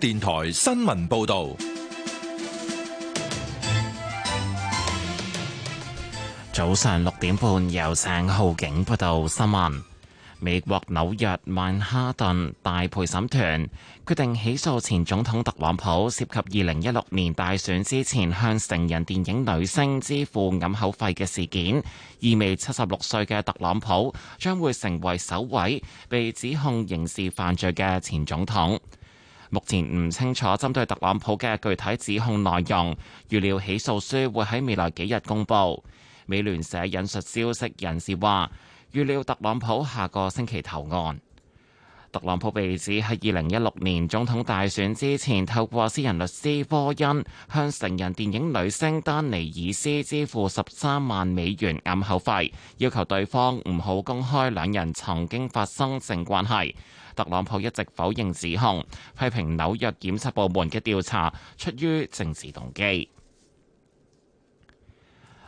電台新聞報道，早上六點半，由鄭浩景報道新聞。美國紐約曼哈頓大陪審團決定起訴前總統特朗普，涉及二零一六年大選之前向成人電影女星支付暗口費嘅事件，意味七十六歲嘅特朗普將會成為首位被指控刑事犯罪嘅前總統。目前唔清楚針對特朗普嘅具體指控內容，預料起訴書會喺未來幾日公布。美聯社引述消息人士話，預料特朗普下個星期投案。特朗普被指喺二零一六年總統大選之前，透過私人律師科恩向成人電影女星丹尼爾斯支付十三萬美元掩口費，要求對方唔好公開兩人曾經發生性關係。特朗普一直否認指控，批評紐約檢察部門嘅調查出於政治動機。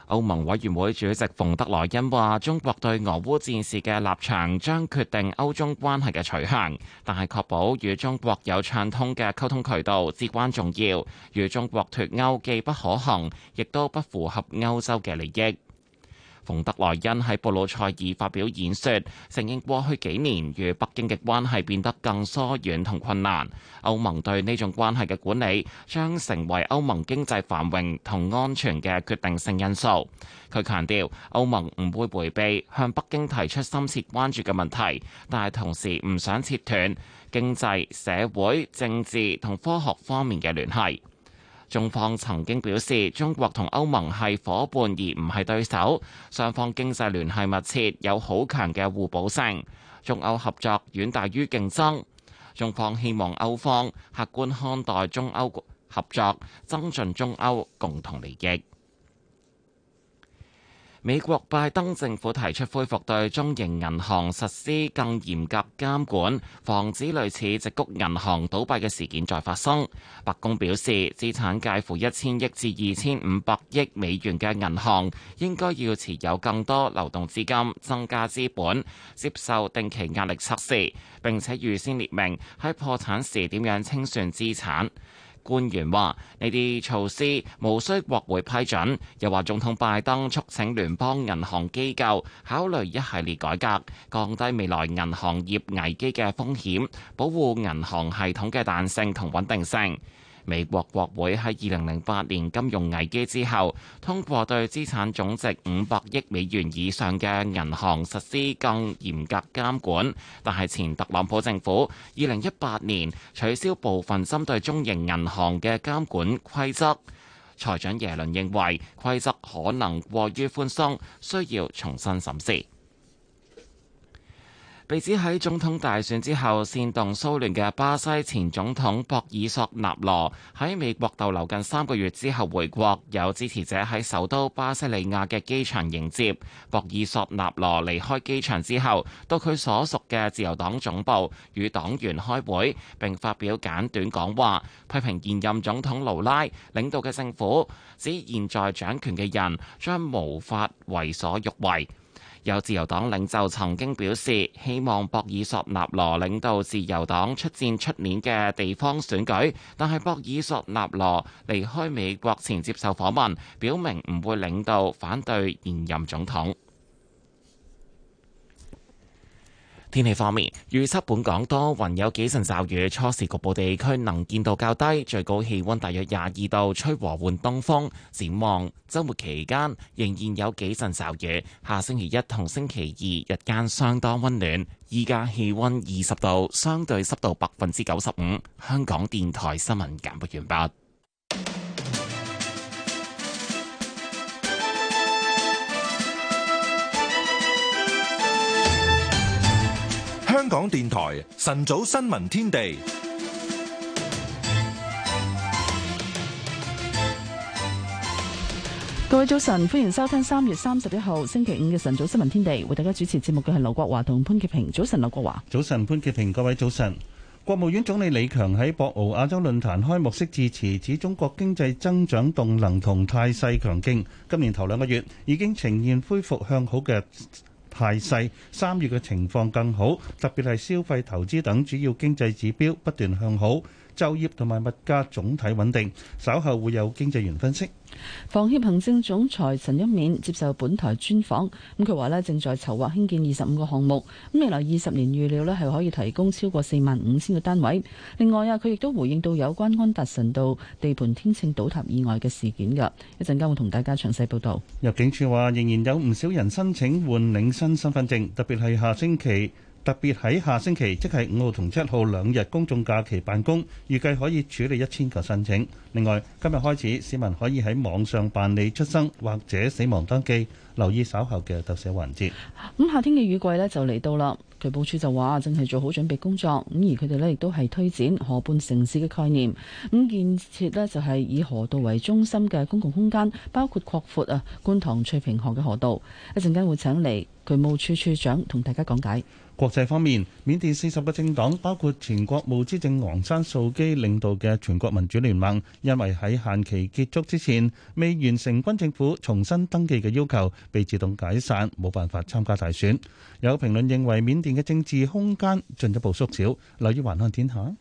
歐盟委員會主席馮德萊恩話：中國對俄烏戰事嘅立場將決定歐中關係嘅取向，但係確保與中國有暢通嘅溝通渠道至關重要。與中國脱歐既不可行，亦都不符合歐洲嘅利益。馮德萊恩喺布魯塞爾發表演說，承認過去幾年與北京嘅關係變得更疏遠同困難。歐盟對呢種關係嘅管理，將成為歐盟經濟繁榮同安全嘅決定性因素。佢強調，歐盟唔會回避向北京提出深切關注嘅問題，但係同時唔想切斷經濟、社會、政治同科學方面嘅聯繫。中方曾經表示，中國同歐盟係伙伴而唔係對手，雙方經濟聯繫密切，有好強嘅互補性，中歐合作遠大於競爭。中方希望歐方客觀看待中歐合作，增進中歐共同利益。美國拜登政府提出恢復對中型銀行實施更嚴格監管，防止類似矽谷銀行倒閉嘅事件再發生。白宮表示，資產介乎一千億至二千五百億美元嘅銀行應該要持有更多流動資金，增加資本，接受定期壓力測試，並且預先列明喺破產時點樣清算資產。官員話：呢啲措施無需國會批准，又話總統拜登促請聯邦銀行機構考慮一系列改革，降低未來銀行業危機嘅風險，保護銀行系統嘅彈性同穩定性。美國國會喺二零零八年金融危機之後，通過對資產總值五百億美元以上嘅銀行實施更嚴格監管。但係前特朗普政府二零一八年取消部分針對中型銀行嘅監管規則。財長耶倫認為，規則可能過於寬鬆，需要重新審視。被指喺總統大選之後煽動蘇聯嘅巴西前總統博爾索納羅喺美國逗留近三個月之後回國，有支持者喺首都巴西利亞嘅機場迎接。博爾索納羅離開機場之後，到佢所屬嘅自由黨總部與黨員開會，並發表簡短講話，批評現任總統盧拉領導嘅政府，指現在掌權嘅人將無法為所欲為。有自由黨領袖曾經表示希望博爾索納羅領導自由黨出戰出年嘅地方選舉，但係博爾索納羅離開美國前接受訪問，表明唔會領導反對現任總統。天氣方面，預測本港多雲，有幾陣驟雨，初時局部地區能見度較低，最高氣温大約廿二度，吹和緩東風。展望周末期間仍然有幾陣驟雨，下星期一同星期二日間相當温暖。依家氣温二十度，相對濕度百分之九十五。香港電台新聞簡報完畢。港電台晨早新聞天地，各位早晨，歡迎收聽三月三十一號星期五嘅晨早新聞天地，為大家主持節目嘅係劉國華同潘潔平。早晨，劉國華。早晨，潘潔平。各位早晨。國務院總理李強喺博鰲亞洲論壇開幕式致辭，指中國經濟增長動能同態勢強勁，今年頭兩個月已經呈現恢復向好嘅。態勢，三月嘅情況更好，特別係消費、投資等主要經濟指標不斷向好。就業同埋物價總體穩定，稍後會有經濟員分析。房協行政總裁陳一冕接受本台專訪，咁佢話咧，正在籌劃興建二十五個項目，咁未來二十年預料咧，係可以提供超過四萬五千個單位。另外啊，佢亦都回應到有關安達臣道地盤天秤倒塌意外嘅事件㗎，一陣間會同大家詳細報導。入境處話仍然有唔少人申請換領新身份證，特別係下星期。特別喺下星期，即係五號同七號兩日公眾假期辦公，預計可以處理一千個申請。另外，今日開始市民可以喺網上辦理出生或者死亡登記。留意稍後嘅特寫環節。咁夏天嘅雨季呢，就嚟到啦，渠務處就話正係做好準備工作。咁而佢哋呢，亦都係推展河畔城市嘅概念。咁建設呢，就係以河道為中心嘅公共空間，包括擴闊啊觀塘翠屏河嘅河道。一陣間會請嚟渠務處處長同大家講解。國際方面，緬甸四十個政黨，包括前國務資政昂山素基領導嘅全國民主聯盟，因為喺限期結束之前未完成軍政府重新登記嘅要求，被自動解散，冇辦法參加大選。有評論認為，緬甸嘅政治空間進一步縮小。劉宇環看天下。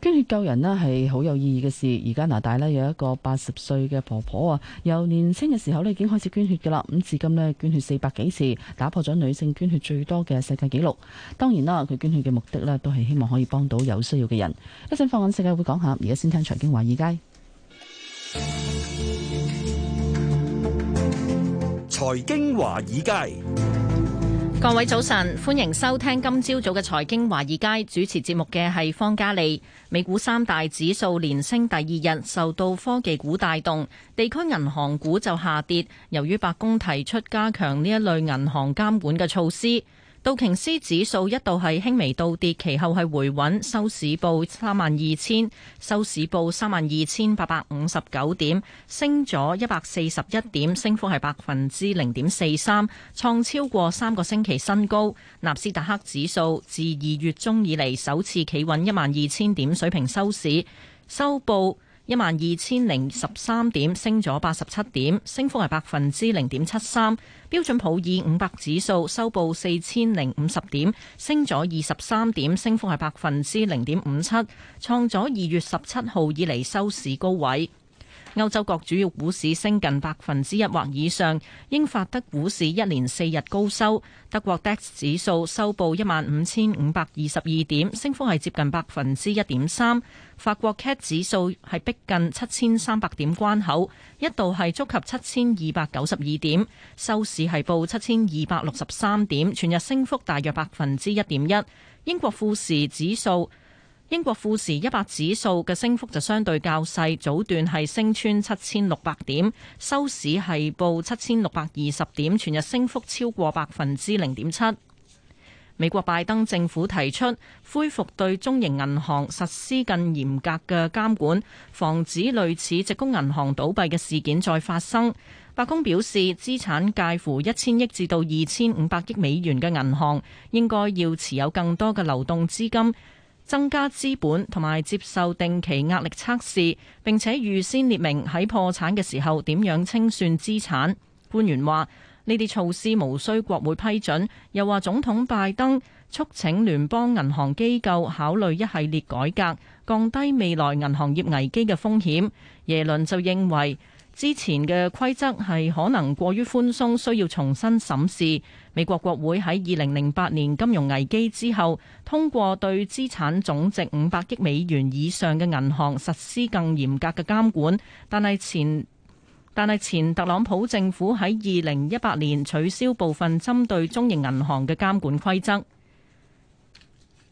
捐血救人呢，係好有意義嘅事，而加拿大呢，有一個八十歲嘅婆婆啊，由年輕嘅時候呢已經開始捐血噶啦，咁至今呢，捐血四百幾次，打破咗女性捐血最多嘅世界紀錄。當然啦，佢捐血嘅目的呢，都係希望可以幫到有需要嘅人。一陣放眼世界會講下，而家先聽財經華爾街。財經華爾街。各位早晨，歡迎收聽今朝早嘅財經華爾街，主持節目嘅係方嘉利。美股三大指數連升第二日，受到科技股帶動，地區銀行股就下跌。由於白宮提出加強呢一類銀行監管嘅措施。道瓊斯指數一度係輕微倒跌，其後係回穩。收市報三萬二千，收市報三萬二千八百五十九點，升咗一百四十一點，升幅係百分之零點四三，創超過三個星期新高。納斯達克指數自二月中以嚟首次企穩一萬二千點水平收市，收報，一萬二千零十三點，升咗八十七點，升幅係百分之零點七三。標準普爾五百指數收報四千零五十點，升咗二十三點，升幅係百分之零點五七，創咗二月十七號以嚟收市高位。歐洲各主要股市升近百分之一或以上，英法德股市一連四日高收。德國 DAX 指數收報一萬五千五百二十二點，升幅係接近百分之一點三。法國 CAC 指數係逼近七千三百點關口，一度係觸及七千二百九十二點，收市係報七千二百六十三點，全日升幅大約百分之一點一。英國富時指數英國富時一百指數嘅升幅就相對較細，早段係升穿七千六百點，收市係報七千六百二十點，全日升幅超過百分之零點七。美國拜登政府提出恢復對中型銀行實施更嚴格嘅監管，防止類似矽谷銀行倒閉嘅事件再發生。白宮表示，資產介乎一千億至到二千五百億美元嘅銀行應該要持有更多嘅流動資金。增加資本同埋接受定期壓力測試，並且預先列明喺破產嘅時候點樣清算資產。官員話呢啲措施無需國會批准，又話總統拜登促請聯邦銀行機構考慮一系列改革，降低未來銀行業危機嘅風險。耶倫就認為之前嘅規則係可能過於寬鬆，需要重新審視。美國國會喺二零零八年金融危機之後，通過對資產總值五百億美元以上嘅銀行實施更嚴格嘅監管，但係前但係前特朗普政府喺二零一八年取消部分針對中型銀行嘅監管規則。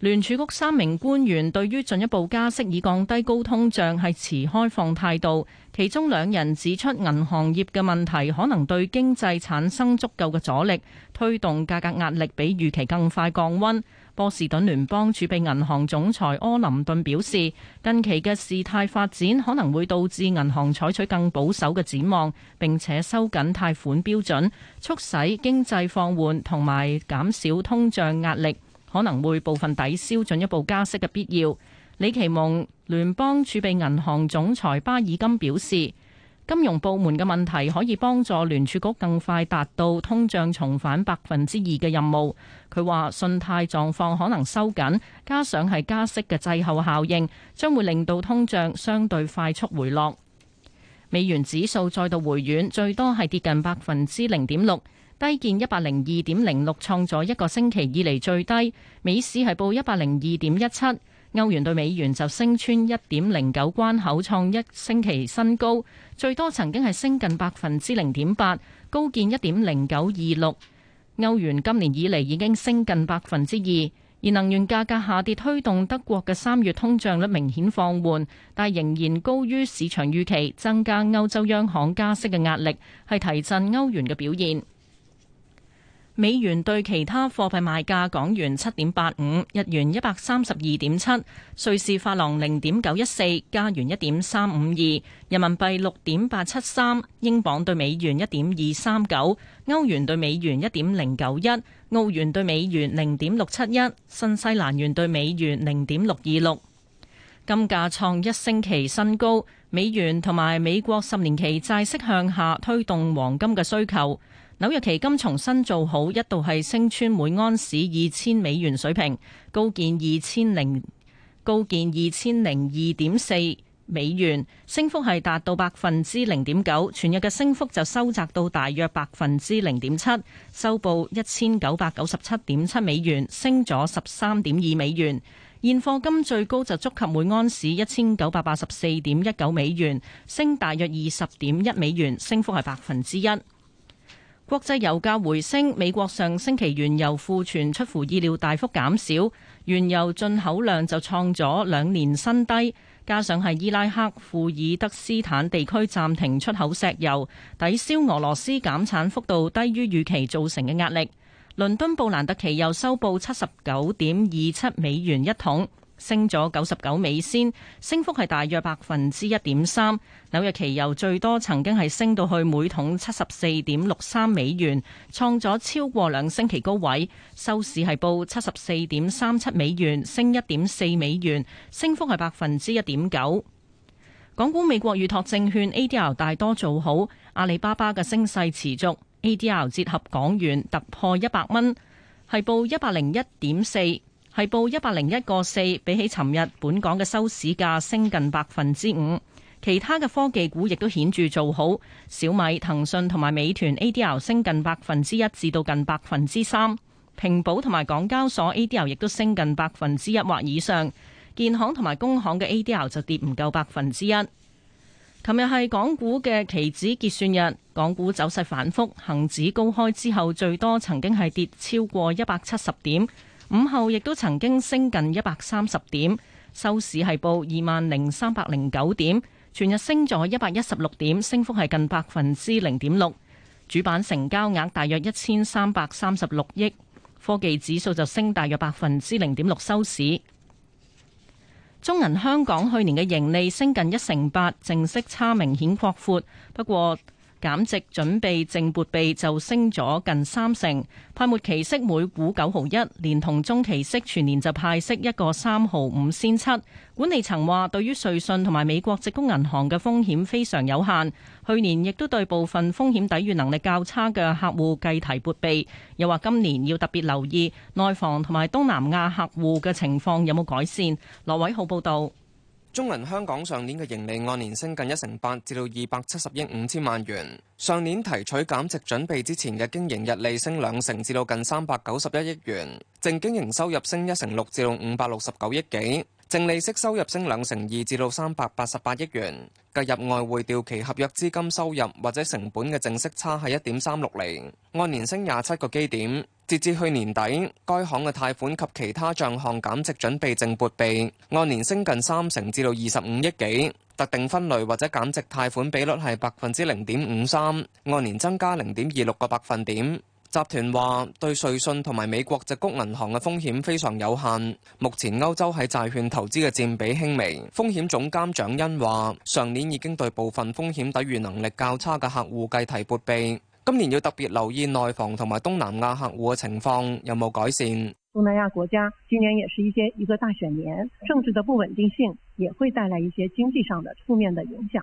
聯儲局三名官員對於進一步加息以降低高通脹係持開放態度，其中兩人指出銀行業嘅問題可能對經濟產生足夠嘅阻力，推動價格壓力比預期更快降温。波士頓聯邦儲備銀行總裁柯林頓表示，近期嘅事態發展可能會導致銀行採取更保守嘅展望，並且收緊貸款標準，促使經濟放緩同埋減少通脹壓力。可能會部分抵消進一步加息嘅必要。李奇蒙聯邦儲備銀行總裁巴爾金表示，金融部門嘅問題可以幫助聯儲局更快達到通脹重返百分之二嘅任務。佢話，信貸狀況可能收緊，加上係加息嘅滯後效應，將會令到通脹相對快速回落。美元指數再度回軟，最多係跌近百分之零點六。低見一百零二點零六，創咗一個星期以嚟最低。美市係報一百零二點一七，歐元對美元就升穿一點零九關口，創一星期新高，最多曾經係升近百分之零點八，高見一點零九二六。歐元今年以嚟已經升近百分之二，而能源價格下跌推動德國嘅三月通脹率明顯放緩，但仍然高於市場預期，增加歐洲央行加息嘅壓力，係提振歐元嘅表現。美元對其他貨幣賣價：港元七點八五，日元一百三十二點七，瑞士法郎零點九一四，加元一點三五二，人民幣六點八七三，英鎊對美元一點二三九，歐元對美元一點零九一，澳元對美元零點六七一，新西蘭元對美元零點六二六。金價創一星期新高，美元同埋美國十年期債息向下推動黃金嘅需求。紐約期金重新做好，一度係升穿每盎司二千美元水平，高見二千零高見二千零二點四美元，升幅係達到百分之零點九。全日嘅升幅就收窄到大約百分之零點七，收報一千九百九十七點七美元，升咗十三點二美元。現貨金最高就觸及每盎司一千九百八十四點一九美元，升大約二十點一美元，升幅係百分之一。國際油價回升，美國上星期原油庫存出乎意料大幅減少，原油進口量就創咗兩年新低，加上係伊拉克庫爾德斯坦地區暫停出口石油，抵消俄羅斯減產幅度低於預期造成嘅壓力。倫敦布蘭特期油收報七十九點二七美元一桶。升咗九十九美仙，升幅係大約百分之一點三。紐約期油最多曾經係升到去每桶七十四點六三美元，創咗超過兩星期高位，收市係報七十四點三七美元，升一點四美元，升幅係百分之一點九。港股美國預託證券 ADR 大多做好，阿里巴巴嘅升勢持續，ADR 折合港元突破一百蚊，係報一百零一點四。係報一百零一個四，比起尋日本港嘅收市價升近百分之五。其他嘅科技股亦都顯著做好，小米、騰訊同埋美團 ADR 升近百分之一至到近百分之三。平保同埋港交所 ADR 亦都升近百分之一或以上。建行同埋工行嘅 ADR 就跌唔夠百分之一。琴日係港股嘅期指結算日，港股走勢反覆，恒指高開之後最多曾經係跌超過一百七十點。午後亦都曾經升近一百三十點，收市係報二萬零三百零九點，全日升咗一百一十六點，升幅係近百分之零點六。主板成交額大約一千三百三十六億，科技指數就升大約百分之零點六收市。中銀香港去年嘅盈利升近一成八，淨息差明顯擴闊，不過。減值準備淨撥備就升咗近三成，派末期息每股九毫一，連同中期息全年就派息一個三毫五仙七。管理層話，對於瑞信同埋美國矽谷銀行嘅風險非常有限，去年亦都對部分風險抵禦能力較差嘅客戶計提撥備，又話今年要特別留意內房同埋東南亞客戶嘅情況有冇改善。羅偉浩報道。中銀香港上年嘅盈利按年升近一成八，至到二百七十億五千萬元。上年提取減值準備之前嘅經營溢利升兩成，至到近三百九十一億元。淨經營收入升一成六，至到五百六十九億幾。淨利息收入升兩成二，至到三百八十八億元，計入外匯掉期合約資金收入或者成本嘅淨息差係一點三六厘，按年升廿七個基點。截至去年底，該行嘅貸款及其他帳項減值準備淨撥備按年升近三成，至到二十五億幾。特定分類或者減值貸款比率係百分之零點五三，按年增加零點二六個百分點。集團話對瑞信同埋美國矽谷銀行嘅風險非常有限。目前歐洲喺債券投資嘅佔比輕微。風險總監蔣恩話：上年已經對部分風險抵禦能力較差嘅客戶計提撥備。今年要特別留意內房同埋東南亞客戶嘅情況有冇改善。東南亞國家今年也是一些一個大選年，政治嘅不穩定性也會帶來一些經濟上的負面嘅影響。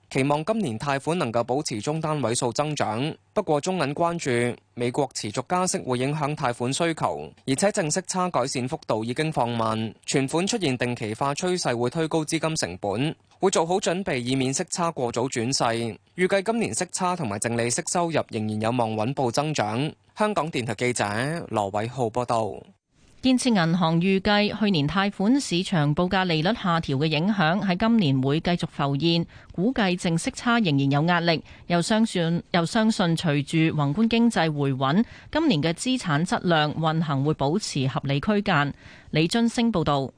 期望今年貸款能夠保持中單位數增長，不過中銀關注美國持續加息會影響貸款需求，而且正息差改善幅度已經放慢，存款出現定期化趨勢會推高資金成本，會做好準備以免息差過早轉勢。預計今年息差同埋淨利息收入仍然有望穩步增長。香港電台記者羅偉浩報道。建設銀行預計去年貸款市場報價利率下調嘅影響喺今年會繼續浮現，估計淨息差仍然有壓力。又相信又相信隨住宏觀經濟回穩，今年嘅資產質量運行會保持合理區間。李津升報道。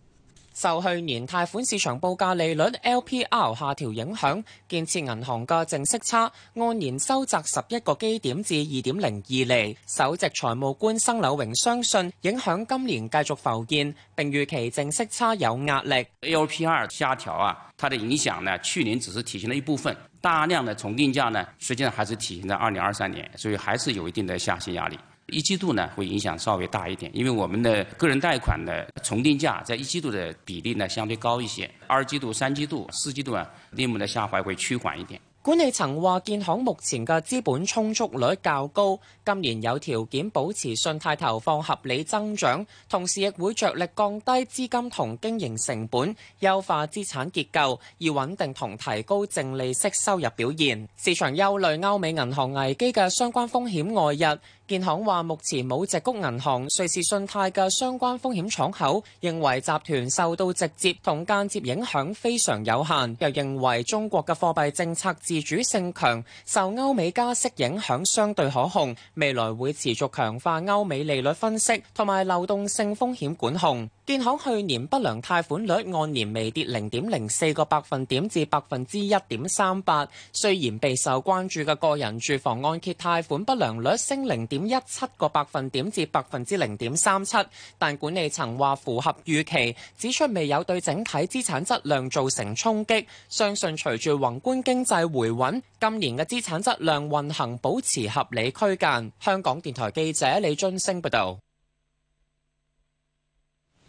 受去年貸款市場報價利率 LPR 下調影響，建設銀行嘅淨息差按年收窄十一個基點至二點零二厘。首席財務官生柳榮相信影響今年繼續浮現，並預期淨息差有壓力。LPR 下調啊，它的影響呢？去年只是體現了一部分，大量的重定價呢，實際上還是體現在二零二三年，所以還是有一定的下行壓力。一季度呢，會影響稍微大一點，因為我們的個人貸款的重定價在一季度的比例呢，相對高一些。二季度、三季度、四季度啊，利率的下滑會趨緩一點。管理層話，建行目前嘅資本充足率較高，今年有條件保持信貸投放合理增長，同時亦會着力降低資金同經營成本，優化資產結構，以穩定同提高淨利息收入表現。市場憂慮歐美銀行危機嘅相關風險外溢。建行話目前冇硅谷銀行、瑞士信貸嘅相關風險敞口，認為集團受到直接同間接影響非常有限。又認為中國嘅貨幣政策自主性強，受歐美加息影響相對可控，未來會持續強化歐美利率分析同埋流動性風險管控。建行去年不良貸款率按年微跌零點零四個百分點至百分之一點三八，雖然備受關注嘅個人住房按揭貸款不良率升零點一七個百分點至百分之零點三七，但管理層話符合預期，指出未有對整體資產質量造成衝擊，相信隨住宏觀經濟回穩，今年嘅資產質量運行保持合理區間。香港電台記者李津升報道。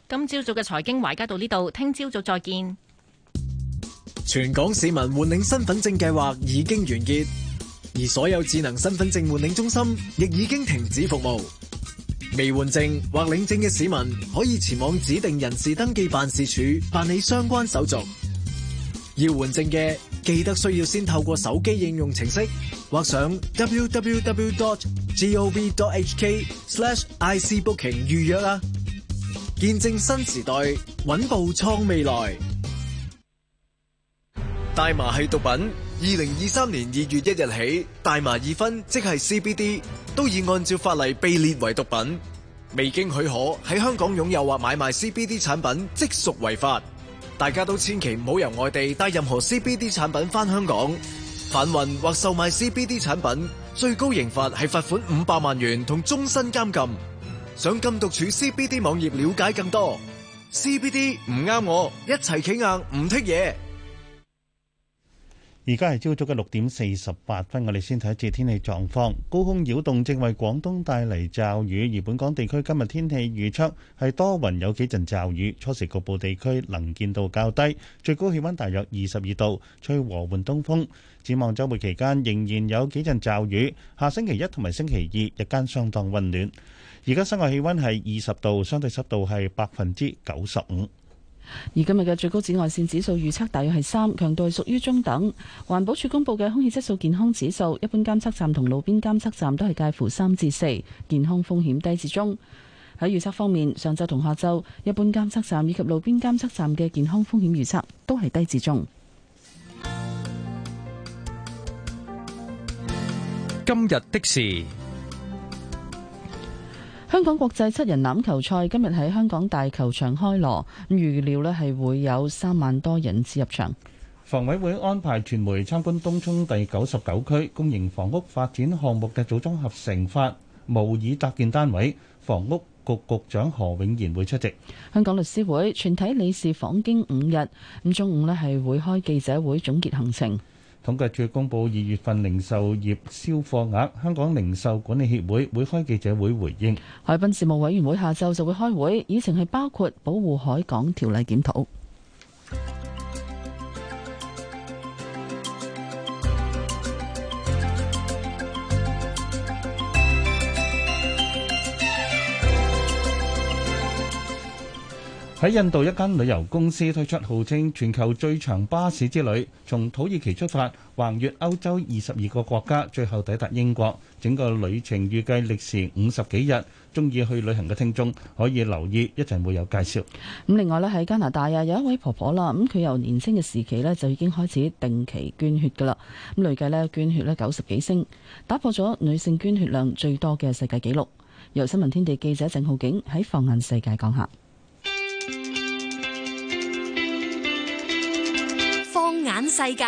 今朝早嘅財經華爾街到呢度，聽朝早再見。全港市民換領身份證計劃已經完結。而所有智能身份證換領中心亦已經停止服務，未換證或領證嘅市民可以前往指定人事登記辦事處辦理相關手續。要換證嘅記得需要先透過手機應用程式或上 www.gov.hk/icbooking 預約啦、啊。見證新時代，穩步創未來。大麻係毒品。二零二三年二月一日起，大麻二酚即係 CBD 都已按照法例被列為毒品，未經許可喺香港擁有或買賣 CBD 產品即屬違法。大家都千祈唔好由外地帶任何 CBD 產品翻香港，販運或售賣 CBD 產品最高刑罰係罰款五百萬元同終身監禁。想禁毒處 CBD 網頁了解更多。CBD 唔啱我，一齊企硬唔剔嘢。而家係朝早嘅六點四十八分，我哋先睇一次天氣狀況。高空擾動正為廣東帶嚟驟雨，而本港地區今日天氣預測係多雲有幾陣驟雨，初時局部地區能見度較低，最高氣溫大約二十二度，吹和緩東風。展望週末期間仍然有幾陣驟雨，下星期一同埋星期二日間相當溫暖。而家室外氣溫係二十度，相對濕度係百分之九十五。而今日嘅最高紫外線指數預測大約係三，強度係屬於中等。環保署公布嘅空氣質素健康指數，一般監測站同路邊監測站都係介乎三至四，健康風險低至中。喺預測方面，上晝同下晝一般監測站以及路邊監測站嘅健康風險預測都係低至中。今日的事。香港國際七人欖球賽今日喺香港大球場開鑼，預料呢係會有三萬多人次入場。房委會安排傳媒參觀東涌第九十九區公營房屋發展項目嘅組裝合成法模擬搭建單位，房屋局局長何永賢會出席。香港律師會全體理事訪京五日，咁中午呢係會開記者會總結行程。統計處公佈二月份零售業銷貨額，香港零售管理協會會開記者會回應。海濱事務委員會下晝就會開會，議程係包括保護海港條例檢討。喺印度一間旅遊公司推出號稱全球最長巴士之旅，從土耳其出發，橫越歐洲二十二個國家，最後抵達英國，整個旅程預計歷時五十幾日。中意去旅行嘅聽眾可以留意一陣，會有介紹。咁另外咧喺加拿大啊，有一位婆婆啦，咁佢由年輕嘅時期咧就已經開始定期捐血噶啦，咁累計咧捐血咧九十幾升，打破咗女性捐血量最多嘅世界紀錄。由新聞天地記者鄭浩景喺放眼世界講下。世界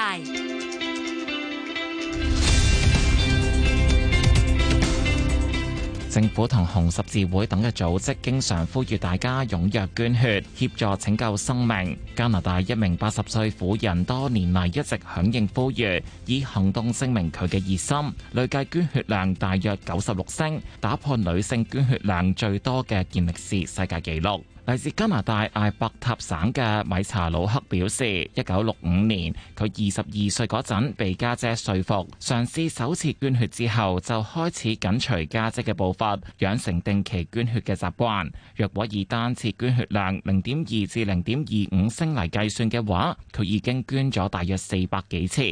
政府同紅十字會等嘅組織經常呼籲大家踊躍捐血，協助拯救生命。加拿大一名八十歲婦人多年嚟，一直響應呼籲，以行動證明佢嘅熱心，累計捐血量大約九十六升，打破女性捐血量最多嘅健力士世界紀錄。嚟自加拿大艾伯塔省嘅米查魯克表示，一九六五年，佢二十二歲嗰陣被家姐說服，嘗試首次捐血之後，就開始緊隨家姐嘅步伐，養成定期捐血嘅習慣。若果以單次捐血量零點二至零點二五升嚟計算嘅話，佢已經捐咗大約四百幾次。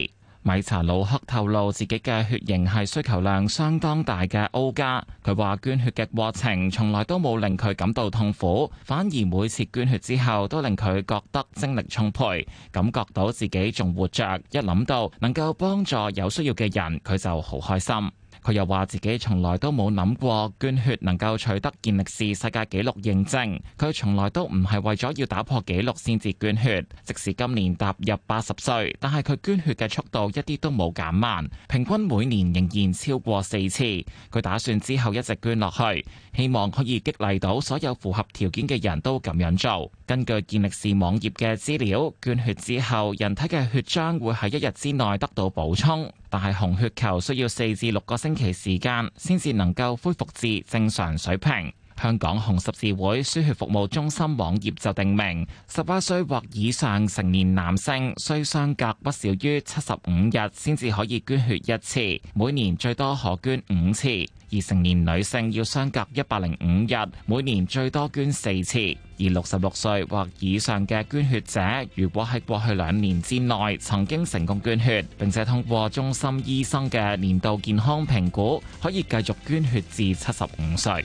米查魯克透露自己嘅血型係需求量相當大嘅 O 加，佢話捐血嘅過程從來都冇令佢感到痛苦，反而每次捐血之後都令佢覺得精力充沛，感覺到自己仲活着。一諗到能夠幫助有需要嘅人，佢就好開心。佢又話自己從來都冇諗過捐血能夠取得健力士世界紀錄認證，佢從來都唔係為咗要打破紀錄先至捐血。即使今年踏入八十歲，但係佢捐血嘅速度一啲都冇減慢，平均每年仍然超過四次。佢打算之後一直捐落去，希望可以激勵到所有符合條件嘅人都咁樣做。根據健力士網頁嘅資料，捐血之後人體嘅血漿會喺一日之內得到補充，但係紅血球需要四至六個星期時間先至能夠恢復至正常水平。香港紅十字會輸血服務中心網頁就定明，十八歲或以上成年男性需相隔不少於七十五日先至可以捐血一次，每年最多可捐五次；而成年女性要相隔一百零五日，每年最多捐四次。而六十六歲或以上嘅捐血者，如果喺過去兩年之內曾經成功捐血，並且通過中心醫生嘅年度健康評估，可以繼續捐血至七十五歲。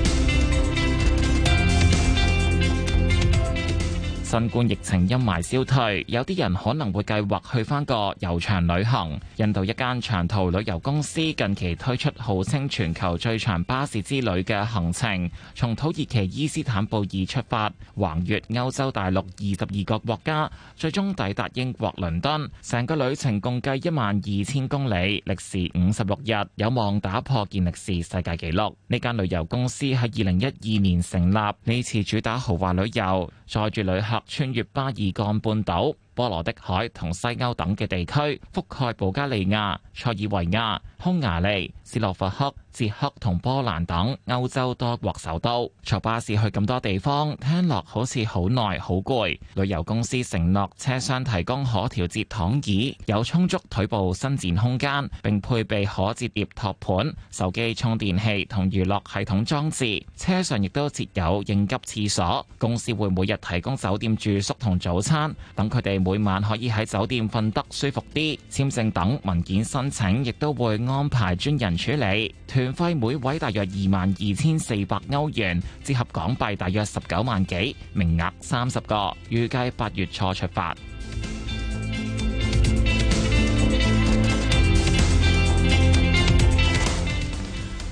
新冠疫情陰霾消退，有啲人可能會計劃去翻個游長旅行。印度一間長途旅遊公司近期推出號稱全球最長巴士之旅嘅行程，從土耳其伊斯坦布爾出發橫越歐洲大陸二十二個國家，最終抵達英國倫敦。成個旅程共計一萬二千公里，歷時五十六日，有望打破健力士世界紀錄。呢間旅遊公司喺二零一二年成立，呢次主打豪華旅遊載住旅客。穿越巴爾幹半島、波羅的海同西歐等嘅地區，覆蓋保加利亞、塞爾維亞、匈牙利、斯洛伐克、捷克同波蘭等歐洲多國首都，坐巴士去咁多地方，聽落好似好耐，好攰。旅遊公司承諾車廂提供可調節躺椅，有充足腿部伸展空間，並配備可折疊托盤、手機充電器同娛樂系統裝置。車上亦都設有應急廁所。公司會每日提供酒店住宿同早餐，等佢哋每晚可以喺酒店瞓得舒服啲。簽證等文件申請亦都會。安排專人處理，團費每位大約二萬二千四百歐元，折合港幣大約十九萬幾，名額三十個，預計八月初出發。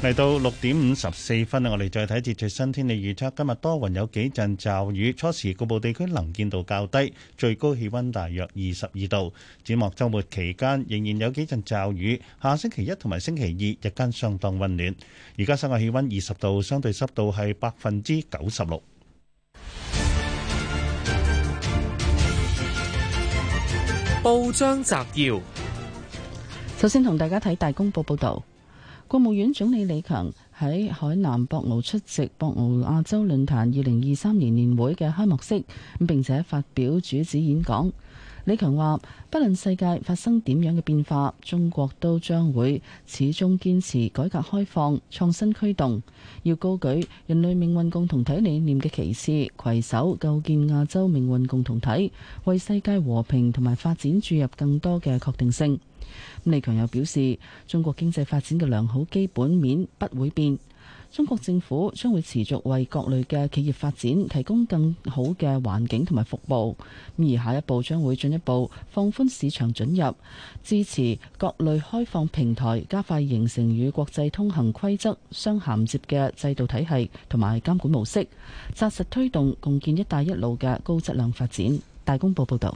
嚟到六點五十四分啦，我哋再睇一節最新天氣預測。今日多雲，有幾陣驟雨，初時局部地區能見度較低，最高氣溫大約二十二度。展望週末期間仍然有幾陣驟雨，下星期一同埋星期二日間相當溫暖。而家室外氣溫二十度，相對濕度係百分之九十六。報章摘要，首先同大家睇大公報報道。國務院總理李強喺海南博鰲出席博鰲亞洲論壇二零二三年年會嘅開幕式，並且發表主旨演講。李強話：不論世界發生點樣嘅變化，中國都將會始終堅持改革開放、創新驅動，要高舉人類命運共同體理念嘅旗幟，攜手構建亞洲命運共同體，為世界和平同埋發展注入更多嘅確定性。李強又表示，中國經濟發展嘅良好基本面不會變，中國政府將會持續為各類嘅企業發展提供更好嘅環境同埋服務。而下一步將會進一步放寬市場准入，支持各類開放平台加快形成與國際通行規則相銜接嘅制度體系同埋監管模式，紮實推動共建“一帶一路”嘅高質量發展。大公報報道。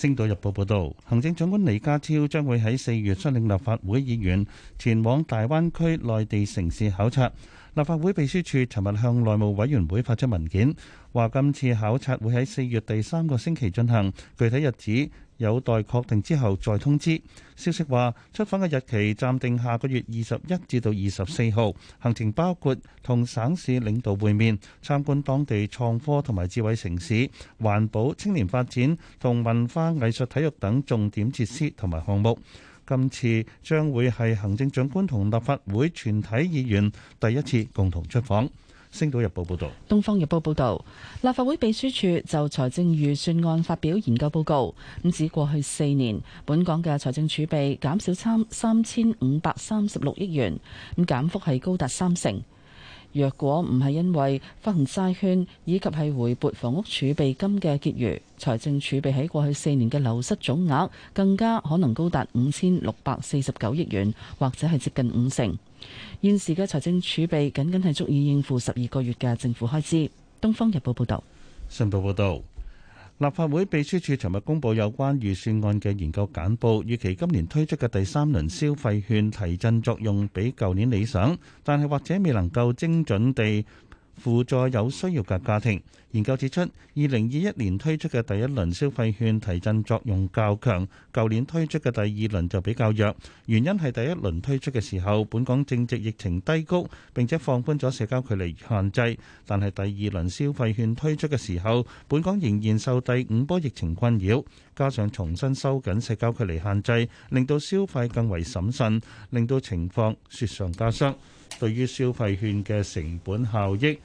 星島日報報道，行政長官李家超將會喺四月率領立法會議員前往大灣區內地城市考察。立法會秘書處尋日向內務委員會發出文件，話今次考察會喺四月第三個星期進行，具體日子。有待確定之後再通知。消息話出訪嘅日期暫定下個月二十一至到二十四號，行程包括同省市領導會面、參觀當地創科同埋智慧城市、環保、青年發展同文化藝術體育等重點設施同埋項目。今次將會係行政長官同立法會全體議員第一次共同出訪。星島日報報道，東方日報報道，立法會秘書處就財政預算案發表研究報告。咁，指過去四年，本港嘅財政儲備減少三三千五百三十六億元，咁減幅係高達三成。若果唔係因為發行債券以及係回撥房屋儲備金嘅結餘，財政儲備喺過去四年嘅流失總額更加可能高達五千六百四十九億元，或者係接近五成。現時嘅財政儲備僅僅係足以應付十二個月嘅政府開支。《東方日報》報道。《信報》報導，立法會秘書處尋日公佈有關預算案嘅研究簡報，預期今年推出嘅第三輪消費券提振作用比舊年理想，但係或者未能夠精準地。輔助有需要嘅家庭。研究指出，二零二一年推出嘅第一輪消費券提振作用較強，舊年推出嘅第二輪就比較弱。原因係第一輪推出嘅時候，本港正值疫情低谷，並且放寬咗社交距離限制；但係第二輪消費券推出嘅時候，本港仍然受第五波疫情困擾，加上重新收緊社交距離限制，令到消費更為審慎，令到情況雪上加霜。對於消費券嘅成本效益。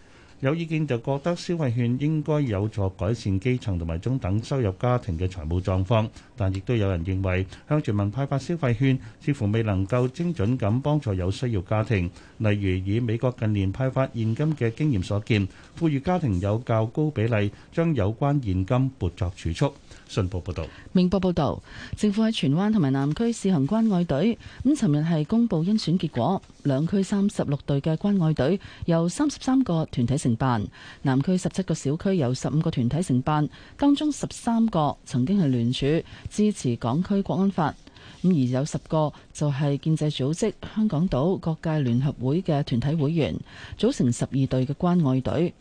有意見就覺得消費券應該有助改善基層同埋中等收入家庭嘅財務狀況，但亦都有人認為向全民派發消費券似乎未能夠精準咁幫助有需要家庭。例如以美國近年派發現金嘅經驗所見，富裕家庭有較高比例將有關現金撥作儲蓄。信報報導，明報報道：政府喺荃灣同埋南區試行關愛隊。咁，尋日係公佈甄選結果，兩區三十六隊嘅關愛隊由三十三個團體承辦，南區十七個小區有十五個團體承辦，當中十三個曾經係聯署支持港區國安法，咁而有十個就係建制組織香港島各界聯合會嘅團體會員，組成十二隊嘅關愛隊。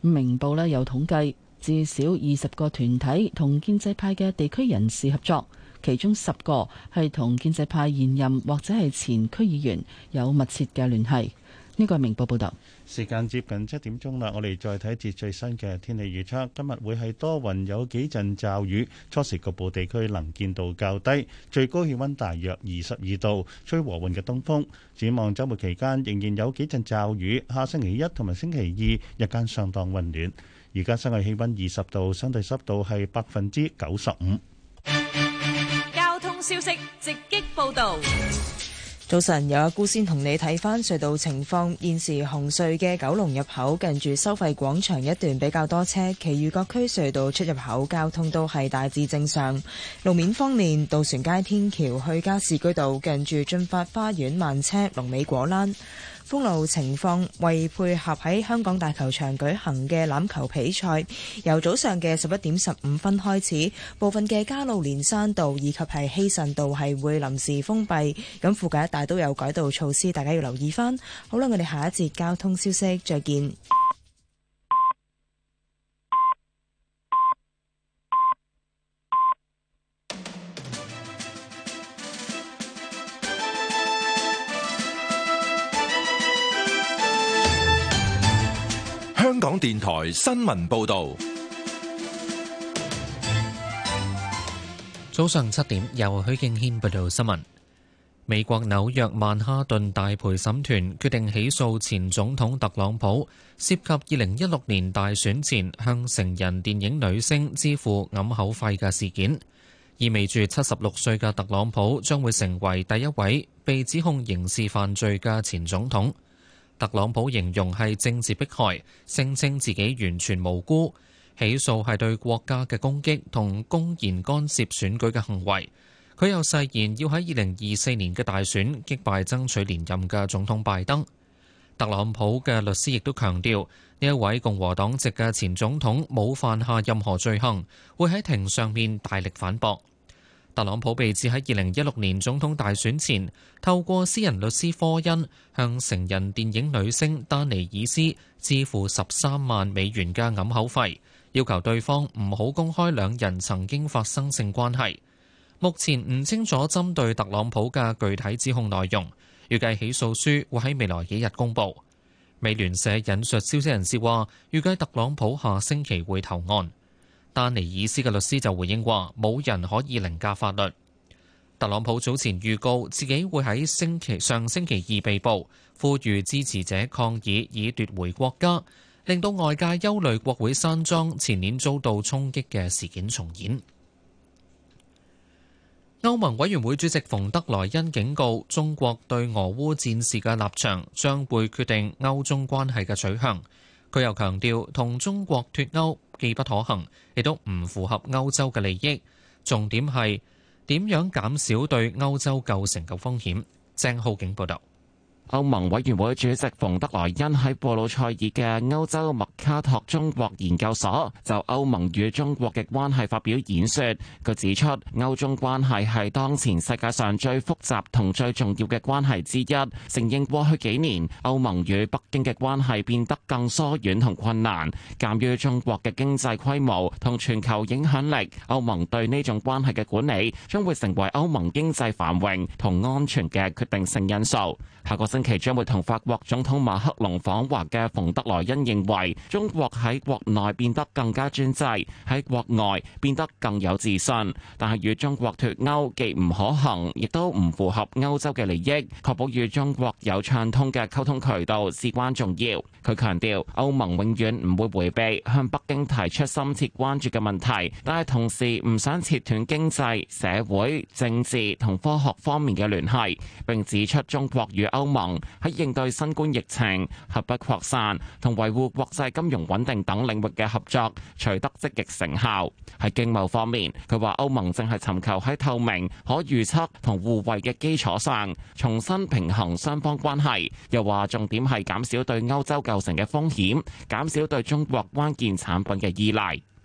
明報呢有統計。至少二十個團體同建制派嘅地區人士合作，其中十個係同建制派現任或者係前區議員有密切嘅聯繫。呢個係明報報道。時間接近七點鐘啦，我哋再睇住最新嘅天氣預測。今日會係多雲，有幾陣驟雨，初時局部地區能見度較低，最高氣溫大約二十二度，吹和緩嘅東風。展望周末期間仍然有幾陣驟雨，下星期一同埋星期二日間相當溫暖。而家室外氣溫二十度，相對濕度係百分之九十五。交通消息直擊報導，早晨有阿姑先同你睇返隧道情況。現時紅隧嘅九龍入口近住收費廣場一段比較多車，其餘各區隧道出入口交通都係大致正常。路面方面，渡船街天橋去加士居道近住駿發花園慢車，龍尾果欄。封路情況，為配合喺香港大球場舉行嘅欖球比賽，由早上嘅十一點十五分開始，部分嘅加路連山道以及係希慎道係會臨時封閉，咁附近一帶都有改道措施，大家要留意返。好啦，我哋下一節交通消息，再見。香港電台新聞報道，早上七點由許敬軒報道新聞。美國紐約曼哈頓大陪審團決定起訴前總統特朗普，涉及二零一六年大選前向成人電影女星支付暗口費嘅事件，意味住七十六歲嘅特朗普將會成為第一位被指控刑事犯罪嘅前總統。特朗普形容係政治迫害，聲稱自己完全無辜，起訴係對國家嘅攻擊同公然干涉選舉嘅行為。佢又誓言要喺二零二四年嘅大選擊敗爭取連任嘅總統拜登。特朗普嘅律師亦都強調，呢一位共和黨籍嘅前總統冇犯下任何罪行，會喺庭上面大力反駁。特朗普被指喺二零一六年總統大選前，透過私人律師科恩向成人電影女星丹尼爾斯支付十三萬美元嘅掩口費，要求對方唔好公開兩人曾經發生性關係。目前唔清楚針對特朗普嘅具體指控內容，預計起訴書會喺未來幾日公布。美聯社引述消息人士話，預計特朗普下星期會投案。丹尼爾斯嘅律師就回應話，冇人可以凌駕法律。特朗普早前預告自己會喺星期上星期二被捕，呼籲支持者抗議以奪回國家，令到外界憂慮國會山莊前年遭到衝擊嘅事件重演。歐盟委員會主席馮德萊恩警告中國對俄烏戰事嘅立場，將會決定歐中關係嘅取向。佢又強調，同中國脫歐既不可行，亦都唔符合歐洲嘅利益。重點係點樣減少對歐洲構成嘅風險。鄭浩景報導。歐盟委員會主席馮德萊恩喺布魯塞爾嘅歐洲麥卡托中國研究所，就歐盟與中國嘅關係發表演說。佢指出，歐中關係係當前世界上最複雜同最重要嘅關係之一。承認過去幾年歐盟與北京嘅關係變得更疏遠同困難。鑒於中國嘅經濟規模同全球影響力，歐盟對呢種關係嘅管理將會成為歐盟經濟繁榮同安全嘅決定性因素。下個。近期將會同法國總統馬克龍訪華嘅馮德萊恩認為，中國喺國內變得更加專制，喺國外變得更有自信。但係與中國脱歐既唔可行，亦都唔符合歐洲嘅利益。確保與中國有暢通嘅溝通渠道至關重要。佢強調，歐盟永遠唔會迴避向北京提出深切關注嘅問題，但係同時唔想切斷經濟、社會、政治同科學方面嘅聯繫。並指出中國與歐盟。喺應對新冠疫情、核不擴散同維護國際金融穩定等領域嘅合作取得積極成效。喺經貿方面，佢話歐盟正係尋求喺透明、可預測同互惠嘅基礎上，重新平衡雙方關係。又話重點係減少對歐洲構成嘅風險，減少對中國關鍵產品嘅依賴。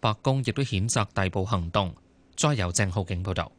白宮亦都譴責逮捕行動，再由鄭浩景報道。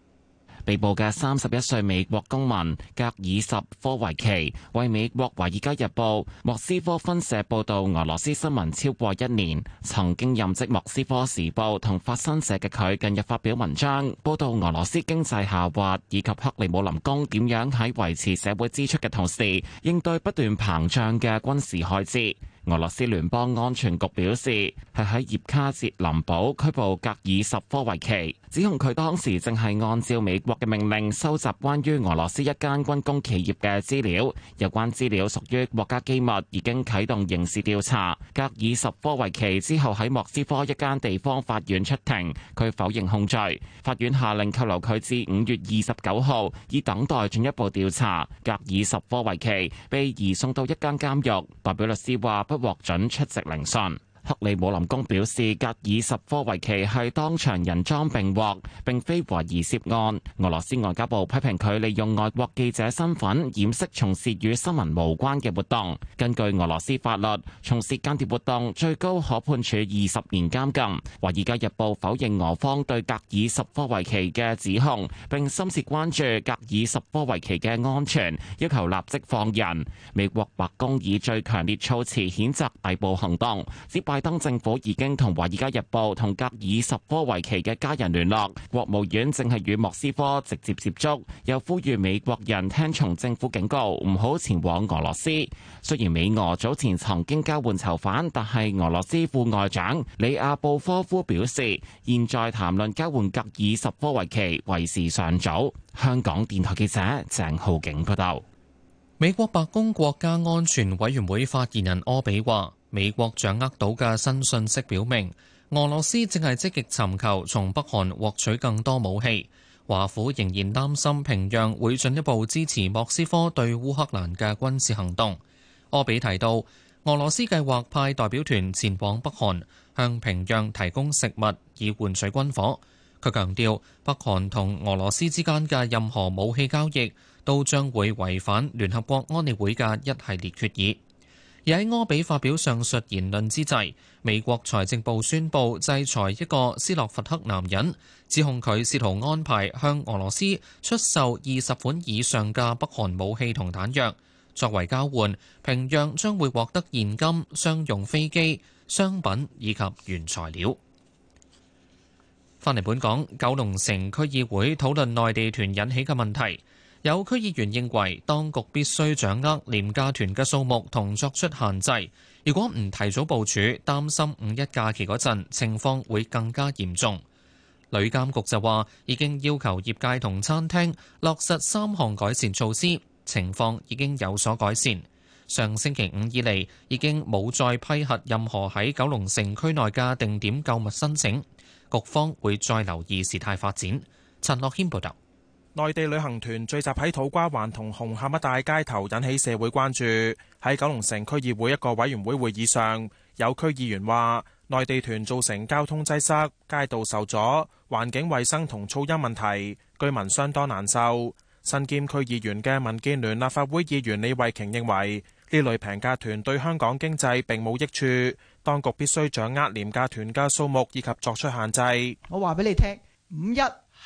被捕嘅三十一歲美國公民格爾什科維奇，為美國《華爾街日報》莫斯科分社報道俄羅斯新聞超過一年，曾經任職莫斯科時報同法新社嘅佢，近日發表文章報道俄羅斯經濟下滑以及克里姆林宮點樣喺維持社會支出嘅同時應對不斷膨脹嘅軍事開支。俄羅斯聯邦安全局表示，係喺葉卡捷林堡拘捕格爾什科維奇。指控佢當時正係按照美國嘅命令收集關於俄羅斯一間軍工企業嘅資料，有關資料屬於國家機密，已經啟動刑事調查。格爾什科維奇之後喺莫斯科一間地方法院出庭，佢否認控罪。法院下令扣留佢至五月二十九號，以等待進一步調查。格爾什科維奇被移送到一間監獄，代表律師話不獲准出席聆訊。克里姆林宮表示，格爾什科維奇係當場人贓並獲，並非懷疑涉案。俄羅斯外交部批評佢利用外國記者身份掩飾從事與新聞無關嘅活動，根據俄羅斯法律，從事間諜活動最高可判處二十年監禁。《華爾街日報》否認俄方對格爾什科維奇嘅指控，並深切關注格爾什科維奇嘅安全，要求立即放人。美國白宮以最強烈措辭譴責逮捕行動。接拜登政府已經同《華爾街日報》同格爾什科維奇嘅家人聯絡，國務院正係與莫斯科直接接觸，又呼籲美國人聽從政府警告，唔好前往俄羅斯。雖然美俄早前曾經交換囚犯，但係俄羅斯副外長里亞布科夫表示，現在談論交換格爾什科維奇為時尚早。香港電台記者鄭浩景報道，美國白宮國家安全委員會發言人柯比話。美國掌握到嘅新信息表明，俄羅斯正係積極尋求從北韓獲取更多武器。華府仍然擔心平壤會進一步支持莫斯科對烏克蘭嘅軍事行動。柯比提到，俄羅斯計劃派代表團前往北韓向平壤提供食物以換取軍火。佢強調，北韓同俄羅斯之間嘅任何武器交易都將會違反聯合國安理會嘅一系列決議。而喺柯比發表上述言論之際，美國財政部宣布制裁一個斯洛伐克男人，指控佢試圖安排向俄羅斯出售二十款以上嘅北韓武器同彈藥，作為交換，平壤將會獲得現金、商用飛機、商品以及原材料。翻嚟本港，九龍城區議會討論內地團引起嘅問題。有區議員認為，當局必須掌握廉價團嘅數目同作出限制。如果唔提早部署，擔心五一假期嗰陣情況會更加嚴重。旅監局就話，已經要求業界同餐廳落實三項改善措施，情況已經有所改善。上星期五以嚟，已經冇再批核任何喺九龍城區內嘅定點購物申請。局方會再留意事態發展。陳樂軒報道。內地旅行團聚集喺土瓜灣同紅磡一帶街頭，引起社會關注。喺九龍城區議會一個委員會會議上，有區議員話：內地團造成交通擠塞、街道受阻、環境衛生同噪音問題，居民相當難受。身兼區議員嘅民建聯立法會議員李慧瓊認為，呢類平價團對香港經濟並冇益處，當局必須掌握廉價團嘅數目以及作出限制。我話俾你聽，五一。